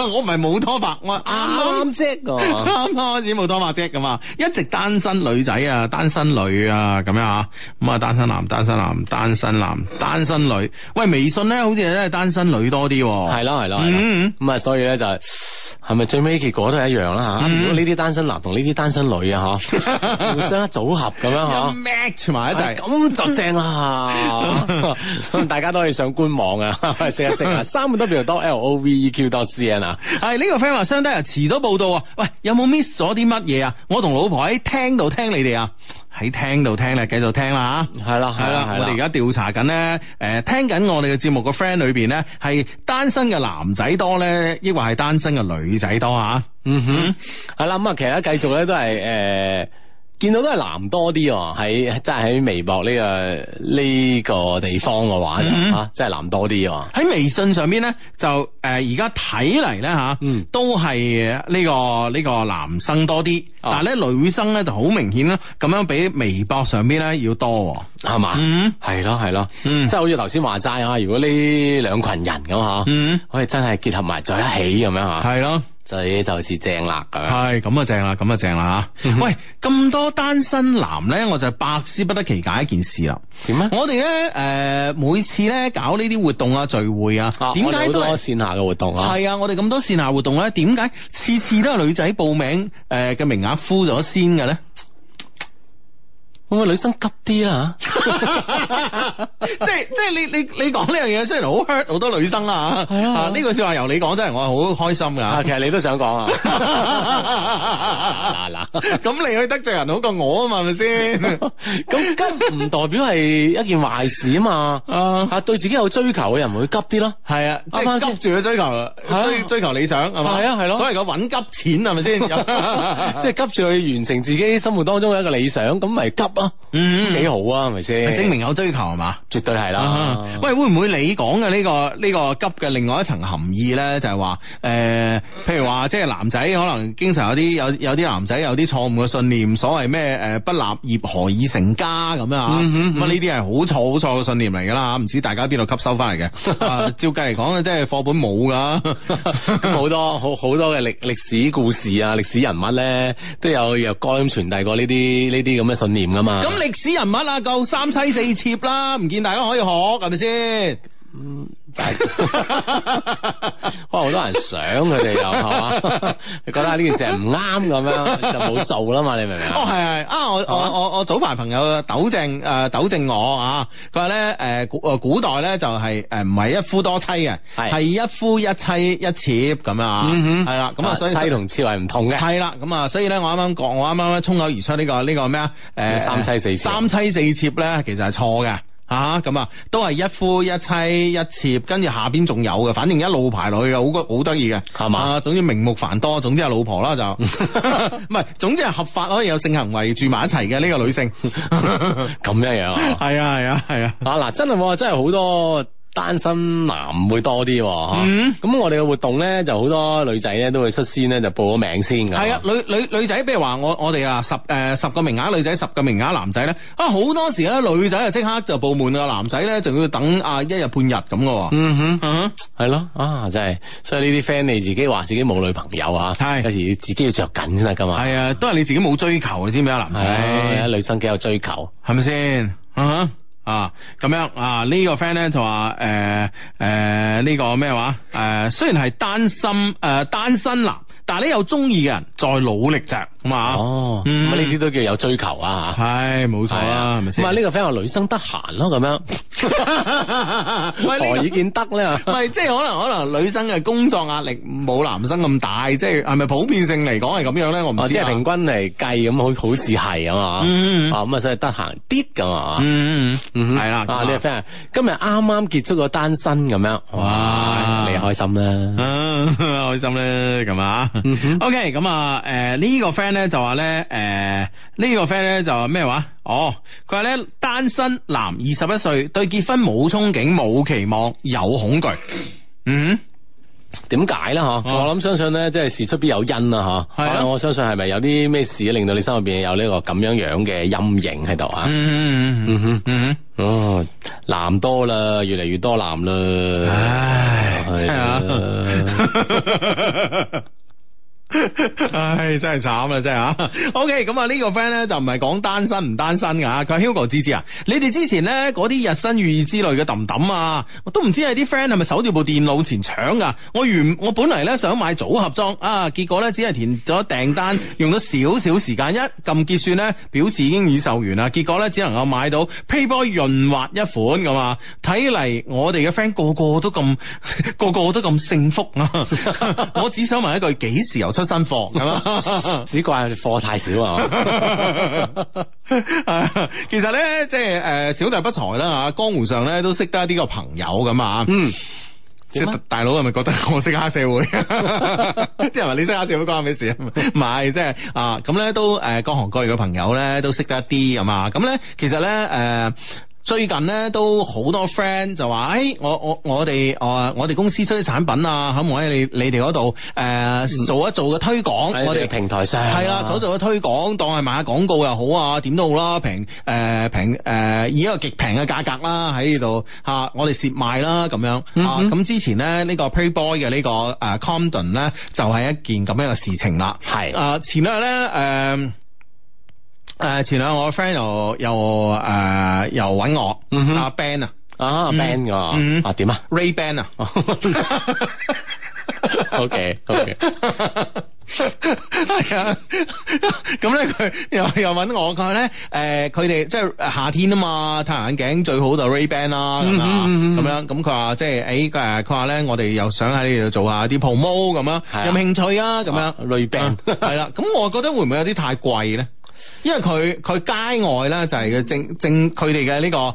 Speaker 1: 我唔係冇拖拍，我啱啱即啱開始冇拖拍即咁啊，一直單身女仔啊，單身女啊，咁樣啊，咁啊單身男，單身男，單身男，單身女，喂微信咧，好似真係單身女多啲，係咯係咯，咁啊，所以咧就係係咪最尾結果都係一樣啦吓，如果呢啲單身男同呢啲單身女啊，吓，互相組合咁樣嗬，match 埋一齊。咁就正啦， 大家都可以上官網啊，四 一四啊 w w 多 l o v e q 多 c n 啊，係呢、這個 friend 話相當遲咗報道啊，喂，有冇 miss 咗啲乜嘢啊？我同老婆喺聽度聽你哋啊，喺聽度聽啦，繼續聽啦吓，係啦係啦，我哋而家調查緊咧，誒、呃，聽緊我哋嘅節目嘅 friend 裏邊咧，係單身嘅男仔多咧，抑或係單身嘅女仔多吓？嗯哼，係啦，咁啊，其實繼續咧都係誒。呃見到都係男多啲喎，喺即係喺微博呢、這個呢、這個地方嘅話，嚇、嗯嗯，即係、啊、男多啲喎。喺微信上邊咧，就誒而家睇嚟咧嚇，都係呢、這個呢、這個男生多啲，哦、但係咧女生咧就好明顯啦，咁樣比微博上邊咧要多，係嘛、啊？嗯，係咯係咯，即係、嗯、好似頭先話齋啊，如果呢兩群人咁嚇，嗯、我哋真係結合埋在一起咁樣嚇。係、啊、咯。就係就是正啦，咁係咁啊正啦，咁啊正啦 喂，咁多單身男咧，我就百思不得其解一件事啦。點咧麼？我哋咧誒每次咧搞呢啲活動啊聚會啊，點解都係有線下嘅活動啊？係啊，我哋咁多線下活動咧，點解次次都係女仔報名誒嘅名額敷咗先嘅咧？會唔會女生急啲啦、啊
Speaker 2: ？
Speaker 1: 即係即係你你你講呢樣嘢，雖然好 hurt 好多女生啦係啊，呢、啊啊、句說話由你講真係我好開心噶、啊啊。其實你都想講啊。
Speaker 2: 嗱嗱，
Speaker 1: 咁你去得罪人好過我啊 嘛？係咪先？咁急唔代表係一件壞事啊嘛。啊，對自己有追求嘅人會急啲咯。係啊，即係急住去追求， 啊、追追求理想係嘛？係啊，係咯。所謂嘅搵急錢係咪先？即係急住去完成自己生活當中嘅一個理想，咁、就、咪、是、急。啊，嗯，幾好啊，係咪先？證明有追求係嘛，絕對係啦。喂、嗯，會唔會你講嘅呢個呢個急嘅另外一層含義咧？就係話，誒、呃，譬如話，即係男仔可能經常有啲有有啲男仔有啲錯誤嘅信念，所謂咩誒不立業何以成家咁樣啊？咁啊，呢啲係好錯好錯嘅信念嚟噶啦，唔知大家邊度吸收翻嚟嘅？照計嚟講即係課本冇噶，咁 好 多好好多嘅歷歷史故事啊，歷史人物咧，都有若干咁傳遞過呢啲呢啲咁嘅信念噶。咁嗯啊，咁歷史人物啊，夠三妻四妾啦，唔見大家可以學，係咪先？嗯，可能好多人想佢哋又係嘛，你覺得呢件事係唔啱咁樣，就冇做啦嘛，你明唔明？哦，係係啊，我啊我我我，我早排朋友糾正，誒、呃、糾正我啊，佢話咧誒古誒古代咧就係誒唔係一夫多妻嘅，係一夫一妻一，妻一妾咁啊，嗯啦，咁啊，嗯、所以妻，妻同妾係唔同嘅，係啦，咁啊，所以咧我啱啱講，我啱啱衝口而出呢、這個呢、這個咩啊？誒三妻四妾，三妻四妾咧其實係錯嘅。吓咁啊，啊，都係一夫一妻一妾，跟住下邊仲有嘅，反正一路排落去嘅，好好得意嘅，係嘛？吧啊，總之名目繁多，總之係老婆啦就，唔係， 總之係合法可以有性行為住埋一齊嘅呢個女性，咁 樣樣啊？係啊係啊係啊，啊嗱、啊啊，真係我、啊、真係好、啊、多。單身男會多啲，咁、嗯啊、我哋嘅活動呢，就好多女仔咧都會率先呢，就報咗名先噶。係啊、嗯，女女女仔，比如話我我哋啊十誒、呃、十個名額女仔十個名額男仔呢，啊好多時呢，女仔就即刻就報滿啦，男仔呢，仲要等啊一日半日咁噶喎。嗯哼，係咯，啊，啊真係，所以呢啲 friend 你自己話自己冇女朋友啊，是有時要自己要着緊先得噶嘛。係啊，都係你自己冇追求，你知唔知啊，男仔、哎？女生幾有追求，係咪先？嗯、啊、哼。啊，咁樣啊，這個、呢、呃呃這個 friend 咧就話，誒誒，呢個咩話，誒，雖然係單身，誒、呃，單身男。但係你有中意嘅人再努力着咁，啊，哦，咁呢啲都叫有追求啊，係冇錯啊，係咪先啊？呢個 friend 話，女生得閒咯，咁樣何以見得咧？唔係即係可能可能女生嘅工作壓力冇男生咁大，即係係咪普遍性嚟講係咁樣咧？我唔知啊，即係平均嚟計咁，好好似係啊嘛，啊咁啊所以得閒啲噶嘛。嗯，嗯，係啦啊。呢個 friend 今日啱啱結束個單身咁樣，哇，你開心啦！ 開心啦呢，咁 啊，OK，咁啊，誒、呃、呢、這個 friend 咧就話咧，誒、呃、呢、這個 friend 咧就話咩話？哦，佢話咧單身男二十一歲，對結婚冇憧憬、冇期望、有恐懼，嗯。點解咧？嗬，哦、我諗相信咧，即係事出必有因啊！嗬係啦、啊啊，我相信係咪有啲咩事令到你心入邊有呢個咁樣樣嘅陰影喺度啊？嗯嗯嗯嗯哼嗯哼，哦，男多啦，越嚟越多男啦，唉，係的啊。 唉，真係慘啦，真係吓。OK，咁啊呢個 friend 咧就唔係講單身唔單身噶。佢係 Hugo 芝芝啊，ugo, igi，你哋之前呢，嗰啲日新月異之類嘅抌抌啊，都唔知係啲 friend 係咪守住部電腦前搶啊？我原我本嚟，呢，想買組合裝啊，結果呢，只係填咗訂單，用咗少少時間，一撳結算呢，表示已經已售完啦。結果呢，只能夠買到 PayBoy 潤滑一款咁啊。睇嚟我哋嘅 friend 個個都咁個個都咁幸福啊！ 我只想問一句，幾時有出？新貨咁啊， 只怪貨太少啊！ 其實咧，即係誒，小弟不才啦吓，江湖上咧都識得一啲個朋友咁啊。嗯，即係樣大佬係咪覺得我識黑社會？啲人話你識黑社會關我咩事啊？唔係，即係啊，咁咧都誒，各行各業嘅朋友咧都識得一啲啊嘛。咁、嗯、咧，其實咧誒。呃最近咧都好多 friend 就話，誒、欸、我我我哋我我哋公司出啲產品啊，可唔可以你你哋嗰度誒做一做嘅推廣？喺我哋平台上係啦，做一做嘅推廣，當係賣下廣告又好啊，點都好啦，平誒、呃、平誒、呃、以一個極平嘅價格啦，喺呢度嚇我哋蝕賣啦咁樣。咁、嗯哼啊、之前咧呢、呢個 Playboy 嘅呢個誒 condom 咧，就係、是、一件咁樣嘅事情啦。係啊的，前兩日咧誒。呃嗯嗯嗯嗯嗯誒，uh, 前兩個我個 friend 又又誒、呃呃、又搵我，阿、mm hmm. uh, Ben 啊，mm hmm. 啊 Ben 噶，Ban 啊點啊？Ray-Ban 啊，OK OK，係啊、 欸，咁咧佢又又搵我，佢咧誒，佢哋即係夏天啊嘛，太陽眼鏡最好就 Ray-Ban 啦，咁樣咁佢話即係誒，佢話咧我哋又想喺呢度做下啲 promo 咁啊，有冇興趣啊？咁樣 Ray-Ban 係啦，咁 X 2 我覺得會唔會有啲太貴咧？因為佢佢街外咧就係佢正正佢哋嘅呢個誒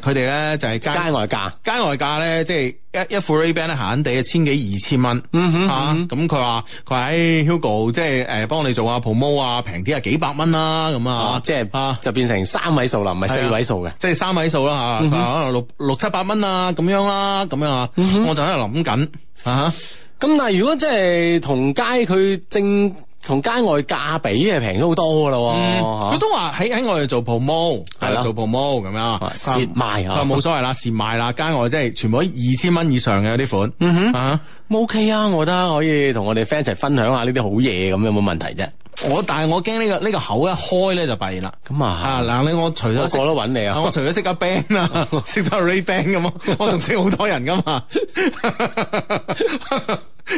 Speaker 1: 佢哋咧就係街外價街外價咧即係一一副 ray ban 咧閒閒哋千幾二千蚊吓咁佢話佢喺 hugo 即係誒幫你做下 promo 啊平啲啊幾百蚊啦咁啊即係啊就變成三位數啦唔係四位數嘅即係三位數啦吓可能六六七百蚊啊咁樣啦咁樣啊我就喺度諗緊啊咁但係如果即係同街佢正。同街外價比係平咗好多噶啦、啊，佢、嗯啊、都話喺喺外邊做 promo，係咯做 promo 咁、啊、樣蝕賣嚇，冇、啊啊、所謂啦，蝕賣啦。街外即係全部都二千蚊以上嘅啲款，嗯哼，冇 ok 啊，啊，我覺得可以同我哋 friend 一齊分享下呢啲好嘢，咁有冇問題啫、啊？我但係我驚呢、這個呢、這個口一開咧就閉啦，咁啊啊嗱！啊啊你我除咗過得揾你啊,啊，我除咗識阿 Ben 啊，識得 Ray Ben 咁，我仲識好多人噶嘛，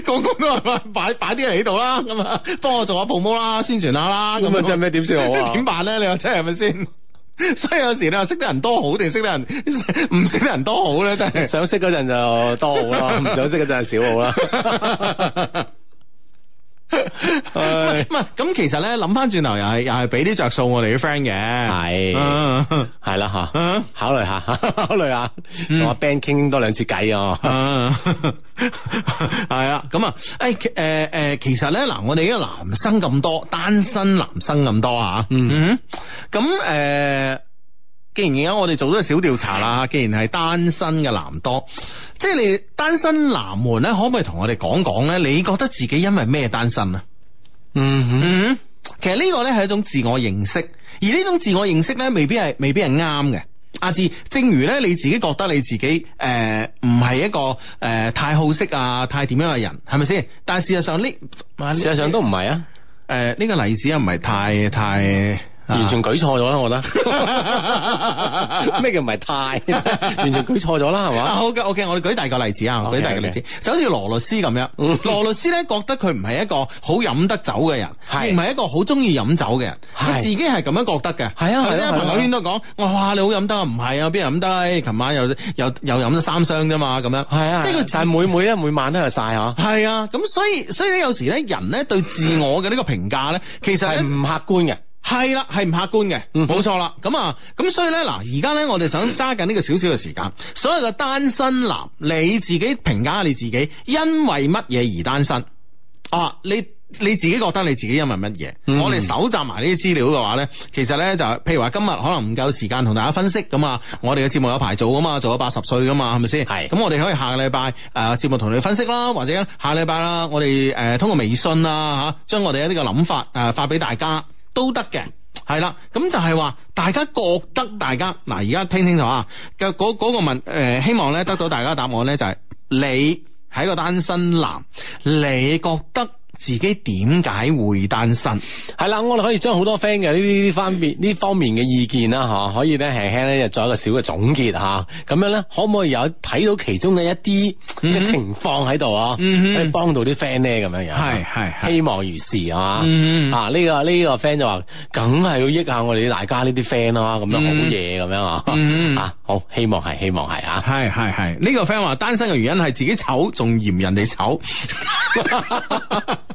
Speaker 1: 個 個都係咪擺擺啲嚟呢度啦？咁啊，幫我做下 promo 啦，宣傳下啦，咁啊即係咩點算好啊？點辦咧？你話真係咪先？ 所以有時你話識得人多好定識得人唔識得人,人多好咧？真係想識嗰陣就多好啦，唔想識嗰陣係少好啦。 唔 咁、哎嗯哎，其實咧諗翻轉頭又係又係俾啲着數我哋啲 friend 嘅，係，係啦吓，考慮下，考慮下，同阿 Ben 傾多兩次偈哦，係啊，咁啊，誒，誒，誒，其實咧嗱，我哋呢個男生咁多，單身男生咁多吓，嗯，咁誒。 既然而家我哋做咗個小調查啦，既然係單身嘅男多，即係你單身男們呢，可唔可以同我哋講講呢？你覺得自己因為咩單身啊？嗯哼，其實呢個呢係一種自我認識，而呢種自我認識呢未必係未必係啱嘅。阿志，正如呢，你自己覺得你自己誒唔係一個誒、呃、太好色啊，太點樣嘅人，係咪先？但事實上呢，事實上都唔係啊。誒、呃，呢、這個例子又唔係太太。太啊、完全舉錯咗啦！我覺得咩 叫唔係太？ 完全舉錯咗啦，係嘛？ 好嘅，好嘅，我哋舉第二個例子啊！舉第二個例子，Okay, okay. 就好似羅律師咁樣，羅律師咧覺得佢唔係一個好飲得酒嘅人，唔係 一個好中意飲酒嘅人，佢 自己係咁樣覺得嘅。係 啊，即係、啊、朋友圈都講 哇，你好飲得啊，唔係啊？邊人飲得、啊？琴晚又又又飲咗三箱啫嘛，咁樣係啊，即係但係每每咧，每晚都係晒嚇。係啊，咁、啊、所以所以咧，以有時咧，人咧對自我嘅呢個評價咧， 其實係唔客觀嘅。係啦，係唔客觀嘅，冇、嗯、哼錯啦。咁啊，咁所以呢，嗱，而家呢，我哋想揸緊呢個少少嘅時間，嗯、所有嘅單身男，你自己評價你自己，因為乜嘢而單身啊？你你自己覺得你自己因為乜嘢？嗯、我哋搜集埋呢啲資料嘅話呢，其實呢，就譬如話今日可能唔夠時間同大家分析咁啊。我哋嘅節目有排做噶嘛，做咗八十歲噶嘛，係咪先？係咁是，我哋可以下個禮拜誒節目同你分析啦，或者下禮拜啦，我哋誒通過微信啦吓，將、啊、我哋一啲嘅諗法誒、呃、發俾大家。都得嘅，係啦，咁就係話大家覺得，大家嗱，而家聽清楚啊，嘅嗰嗰個問，誒、呃，希望咧得到大家答案咧、就是，就係你係一個單身男，你覺得？自己點解會單身？係啦，我哋可以將好多 friend 嘅呢啲方面、呢方面嘅意見啦，嚇可以咧輕輕咧做一個小嘅總結嚇。咁樣咧，可唔可以有睇到其中嘅一啲嘅、mm hmm. 情況喺度啊？Mm hmm. 可以幫到啲 friend 咧咁樣樣。係係、mm，hmm. 啊、希望如是啊嘛。Mm hmm. 啊，呢、呢個呢、呢個 friend 就話，梗係要益下我哋大家呢啲 friend 啊，咁樣好嘢咁樣啊。啊，好希望係，希望係啊。係係係。呢、hmm. 呢個 friend 話單身嘅原因係自己醜，仲嫌人哋醜。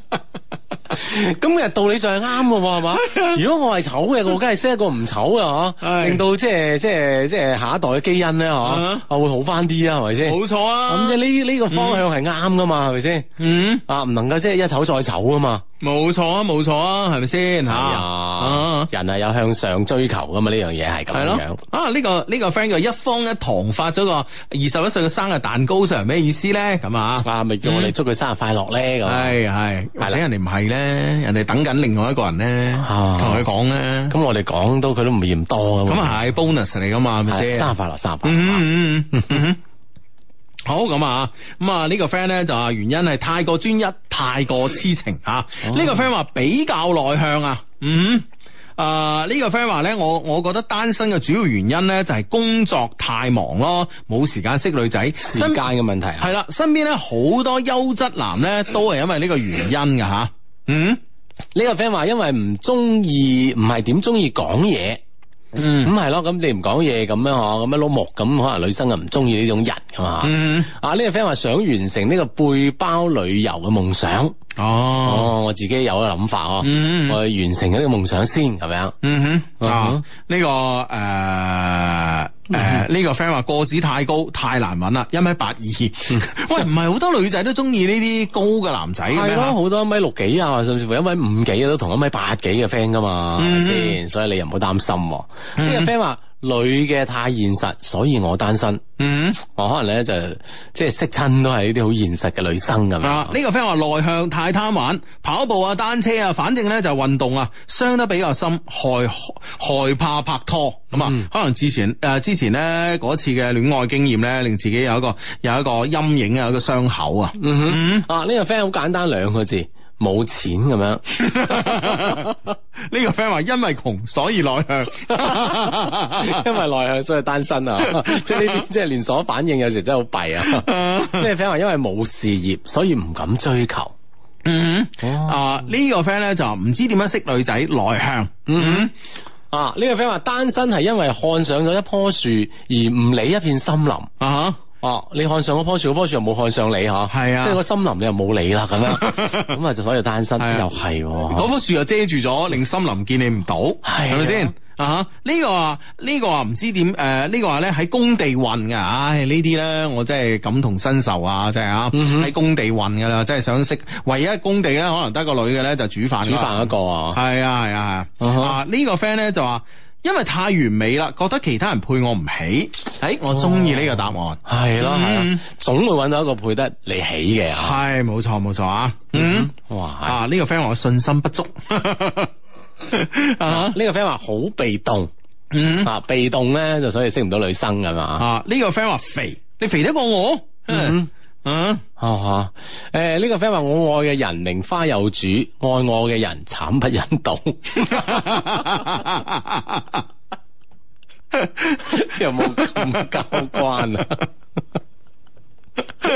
Speaker 1: 咁其實 道理上係啱嘅喎，係嘛？ 如果我係醜嘅，我梗係生一個唔醜嘅吓， 令到即係即係即係下一代嘅基因咧，吓、 啊，啊會好翻啲啊，係咪先？冇錯啊！咁即係呢呢個方向係啱噶嘛，係咪先？嗯，啊，唔、嗯、能夠即係一醜再醜啊嘛。冇錯啊，冇錯啊，係咪先吓？人係有向上追求噶嘛？呢樣嘢係咁樣。啊，呢個呢個 friend 叫一方一堂發咗個二十一歲嘅生日蛋糕上，咩意思咧？咁啊咪叫我哋祝佢生日快樂咧？係係，或者人哋唔係咧，人哋等緊另外一個人咧，同佢講咧。咁我哋講到佢都唔嫌多咁。咁係 bonus 嚟噶嘛？係咪先？生日快樂，生日快樂。好咁啊，咁啊呢個 friend 咧就話原因係太過專一，太過痴情啊。呢 個 friend 話比較內向啊。嗯，啊、呃、呢、這個 friend 話咧，我我覺得單身嘅主要原因咧就係工作太忙咯，冇時間識女仔。時間嘅問題、啊。係啦，身邊咧好多優質男咧都係因為呢個原因嘅吓。嗯，呢個 friend 話因為唔中意，唔係點中意講嘢。嗯，咁係咯，咁、嗯、你唔講嘢咁樣嗬，咁樣碌木咁，可能女生又唔中意呢種人噶嘛、嗯。嗯，啊呢、這個 friend 話想完成呢個背包旅遊嘅夢想。哦、呃，我自己有個諗法哦，我完成咗呢個夢想先咁樣。嗯哼，呢個誒。誒，呢、嗯呃呢個 friend 話個子太高，太難揾啦，一米八二。 喂，唔係好多女仔都中意呢啲高嘅男仔嘅咩？係咯、嗯哼，好 多一米六幾啊，甚至乎一米五幾都同一米八幾嘅 friend 噶嘛，係咪先？所以你又唔好擔心。呢、嗯、哼個 friend 話。女嘅太現實，所以我單身。嗯，我可能呢，就即係識親都係呢啲好現實嘅女生咁啊。呢、呢個 friend 話內向太貪玩，跑步啊、單車啊，反正呢就是，運動啊，傷得比較深，害害怕拍拖咁啊。嗯、可能之前誒、呃、之前咧嗰次嘅戀愛經驗呢，令自己有一個有一個陰影啊，有一個傷口啊。嗯哼，啊呢、呢個 friend 好簡單兩個字。冇錢咁樣，呢 個 friend 話因為窮所以內向， 因為內向所以單身啊！即係呢啲即係連鎖反應，有時真係好弊啊！呢 個 friend 話因為冇事業所以唔敢追求，mm hmm. 啊呢、這個 friend 咧就唔知點樣識女仔，內向，啊呢個 friend 話單身係因為看上咗一棵樹而唔理一片森林。mm hmm. 啊！這個哦，你看上嗰棵樹，嗰棵樹又冇看上你嗬，係啊，即係個森林你又冇你啦咁啦，咁啊就所以單身又係，嗰棵樹又遮住咗，令森林見你唔到，係咪先啊？呢個啊呢個啊唔知點誒，呢個話咧喺工地混噶，唉，呢啲咧我真係感同身受啊，真係啊，喺工地混噶啦，真係想識，唯一工地咧可能得個女嘅咧就煮飯，煮飯一個啊，係啊係啊係啊，啊呢個 friend 咧就話。因為太完美啦，覺得其他人配我唔起。誒、欸，我中意呢個答案。係啦，係啦，總會揾到一個配得你起嘅。係，冇錯冇錯啊。錯嗯，哇，啊呢、個 friend 話信心不足。 啊，呢、啊個 friend 話好被動。嗯、啊，被動咧就所以識唔到女生㗎嘛。啊，呢、個 friend 話肥，你肥得過我？嗯。啊嗯、uh，哈哈誒，呢、 欸呢個 friend 話我愛嘅人名花有主，愛我嘅人慘不忍睹， 有冇咁交關啊？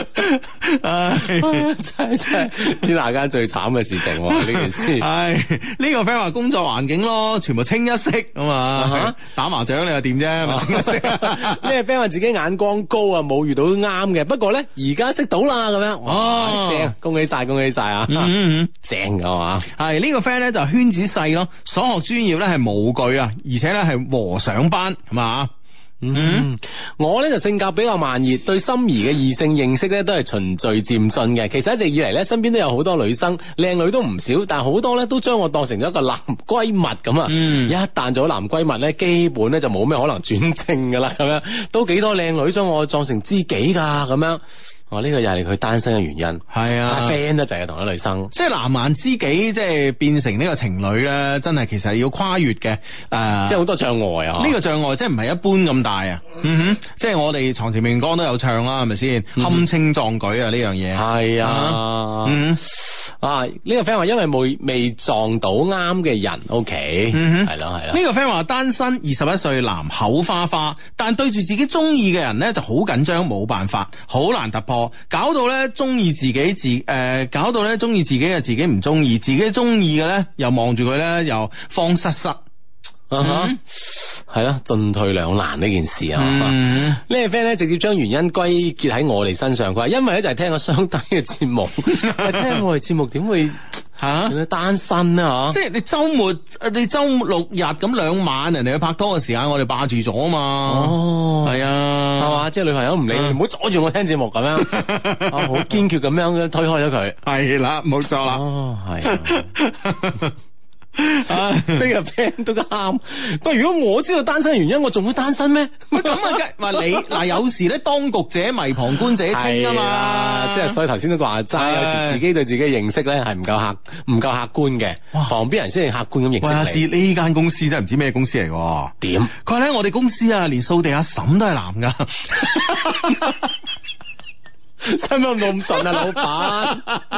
Speaker 1: 唉，真係真係天下間最慘嘅事情喎！呢件事，係呢、這個 friend 話工作環境咯，全部清一色啊嘛， 打麻雀你又點啫？清一色？呢個 friend 話自己眼光高啊，冇遇到啱嘅，不過咧而家識到啦，咁樣哦，哇啊、正，恭喜晒，恭喜晒啊！嗯嗯嗯正嘅嘛，係、這個、呢個 friend 咧就是、圈子細咯，所學專業咧係模具啊，而且咧係和上班係嘛。嗯嗯，mm hmm. 我呢就性格比較慢熱，對心儀嘅異性認識呢都係循序漸進嘅。其實一直以嚟呢，身邊都有好多女生，靚女都唔少，但好多呢都將我當成咗一個男閨蜜咁啊。Mm hmm. 一旦做咗男閨蜜呢，基本呢就冇咩可能轉正噶啦。咁樣都幾多靚女將我當成知己噶咁樣。哦，呢、這個又係佢單身嘅原因。係啊，friend 得滯啊，同一女生。即係藍顏知己，即、就、係、是、變成呢個情侶咧，真係其實要跨越嘅。誒、呃，即係好多障礙啊。呢個障礙即係唔係一般咁大啊。嗯、哼，即係我哋床前明光都有唱啦，係咪先？堪稱壯舉啊，呢樣嘢。係啊。嗯啊，呢個 friend 話因為未未撞到啱嘅人，OK。嗯係啦，係啦。呢個 friend 話單身，二十一歲男，口花花，但對住自己中意嘅人咧就好緊張，冇辦法，好難突破。搞到咧中意自己自誒、呃，搞到咧中意自己又自己唔中意，自己中意嘅咧又望住佢咧又慌失失啊吓，係咯進退兩難呢件事，mm hmm. 啊！呢個 friend 咧直接將原因歸結喺我哋身上，佢話因為咧就係、是、聽嗰相低嘅節目， 聽我哋節目點會？吓，啊、你單身啊，即係你周末，你周六日咁兩晚，人哋去拍拖嘅時間，我哋霸住咗啊嘛，係、哦、啊，係嘛，即係女朋友唔理，唔好、啊、阻住我聽節目咁樣，我好堅決咁樣推開咗佢，係啦，冇錯啦，係、哦。 俾人聽都咁喊，不、 啊、 如果我知道單身原因，我仲會單身咩？咁啊，咪你嗱？有時咧，當局者迷，旁觀者清噶嘛。即係所以頭先都話齋，有時自己對自己認識咧係唔夠客唔夠客觀嘅。旁邊人先係客觀咁認識。佢知呢間公司真係唔知咩公司嚟。點樣？佢話咧，我哋公司啊，連掃地阿、啊、嬸都係男噶。使唔使咁盡啊，老闆？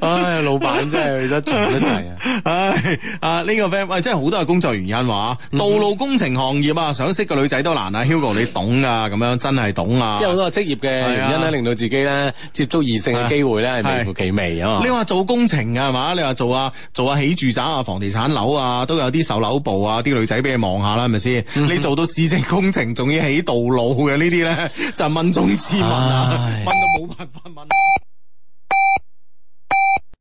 Speaker 1: 唉、 哎，老闆真係得做得滯啊！唉、這個，啊呢個 friend 喂，真係好多係工作原因話、啊，道路工程行業啊，想識個女仔都難啊！Hugo 你懂啊，咁樣，真係懂啊！即係好多職業嘅原因咧，啊、令到自己咧接觸異性嘅機會咧係微乎其微啊，你話做工程啊嘛，你話做啊做啊，做啊，做啊起住宅啊，房地產樓啊，都有啲售樓部啊，啲女仔俾你望下啦，係咪先？嗯、你做到市政工程，仲要起道路嘅呢啲咧，就係、問中之問啊，哎、問到冇辦法問。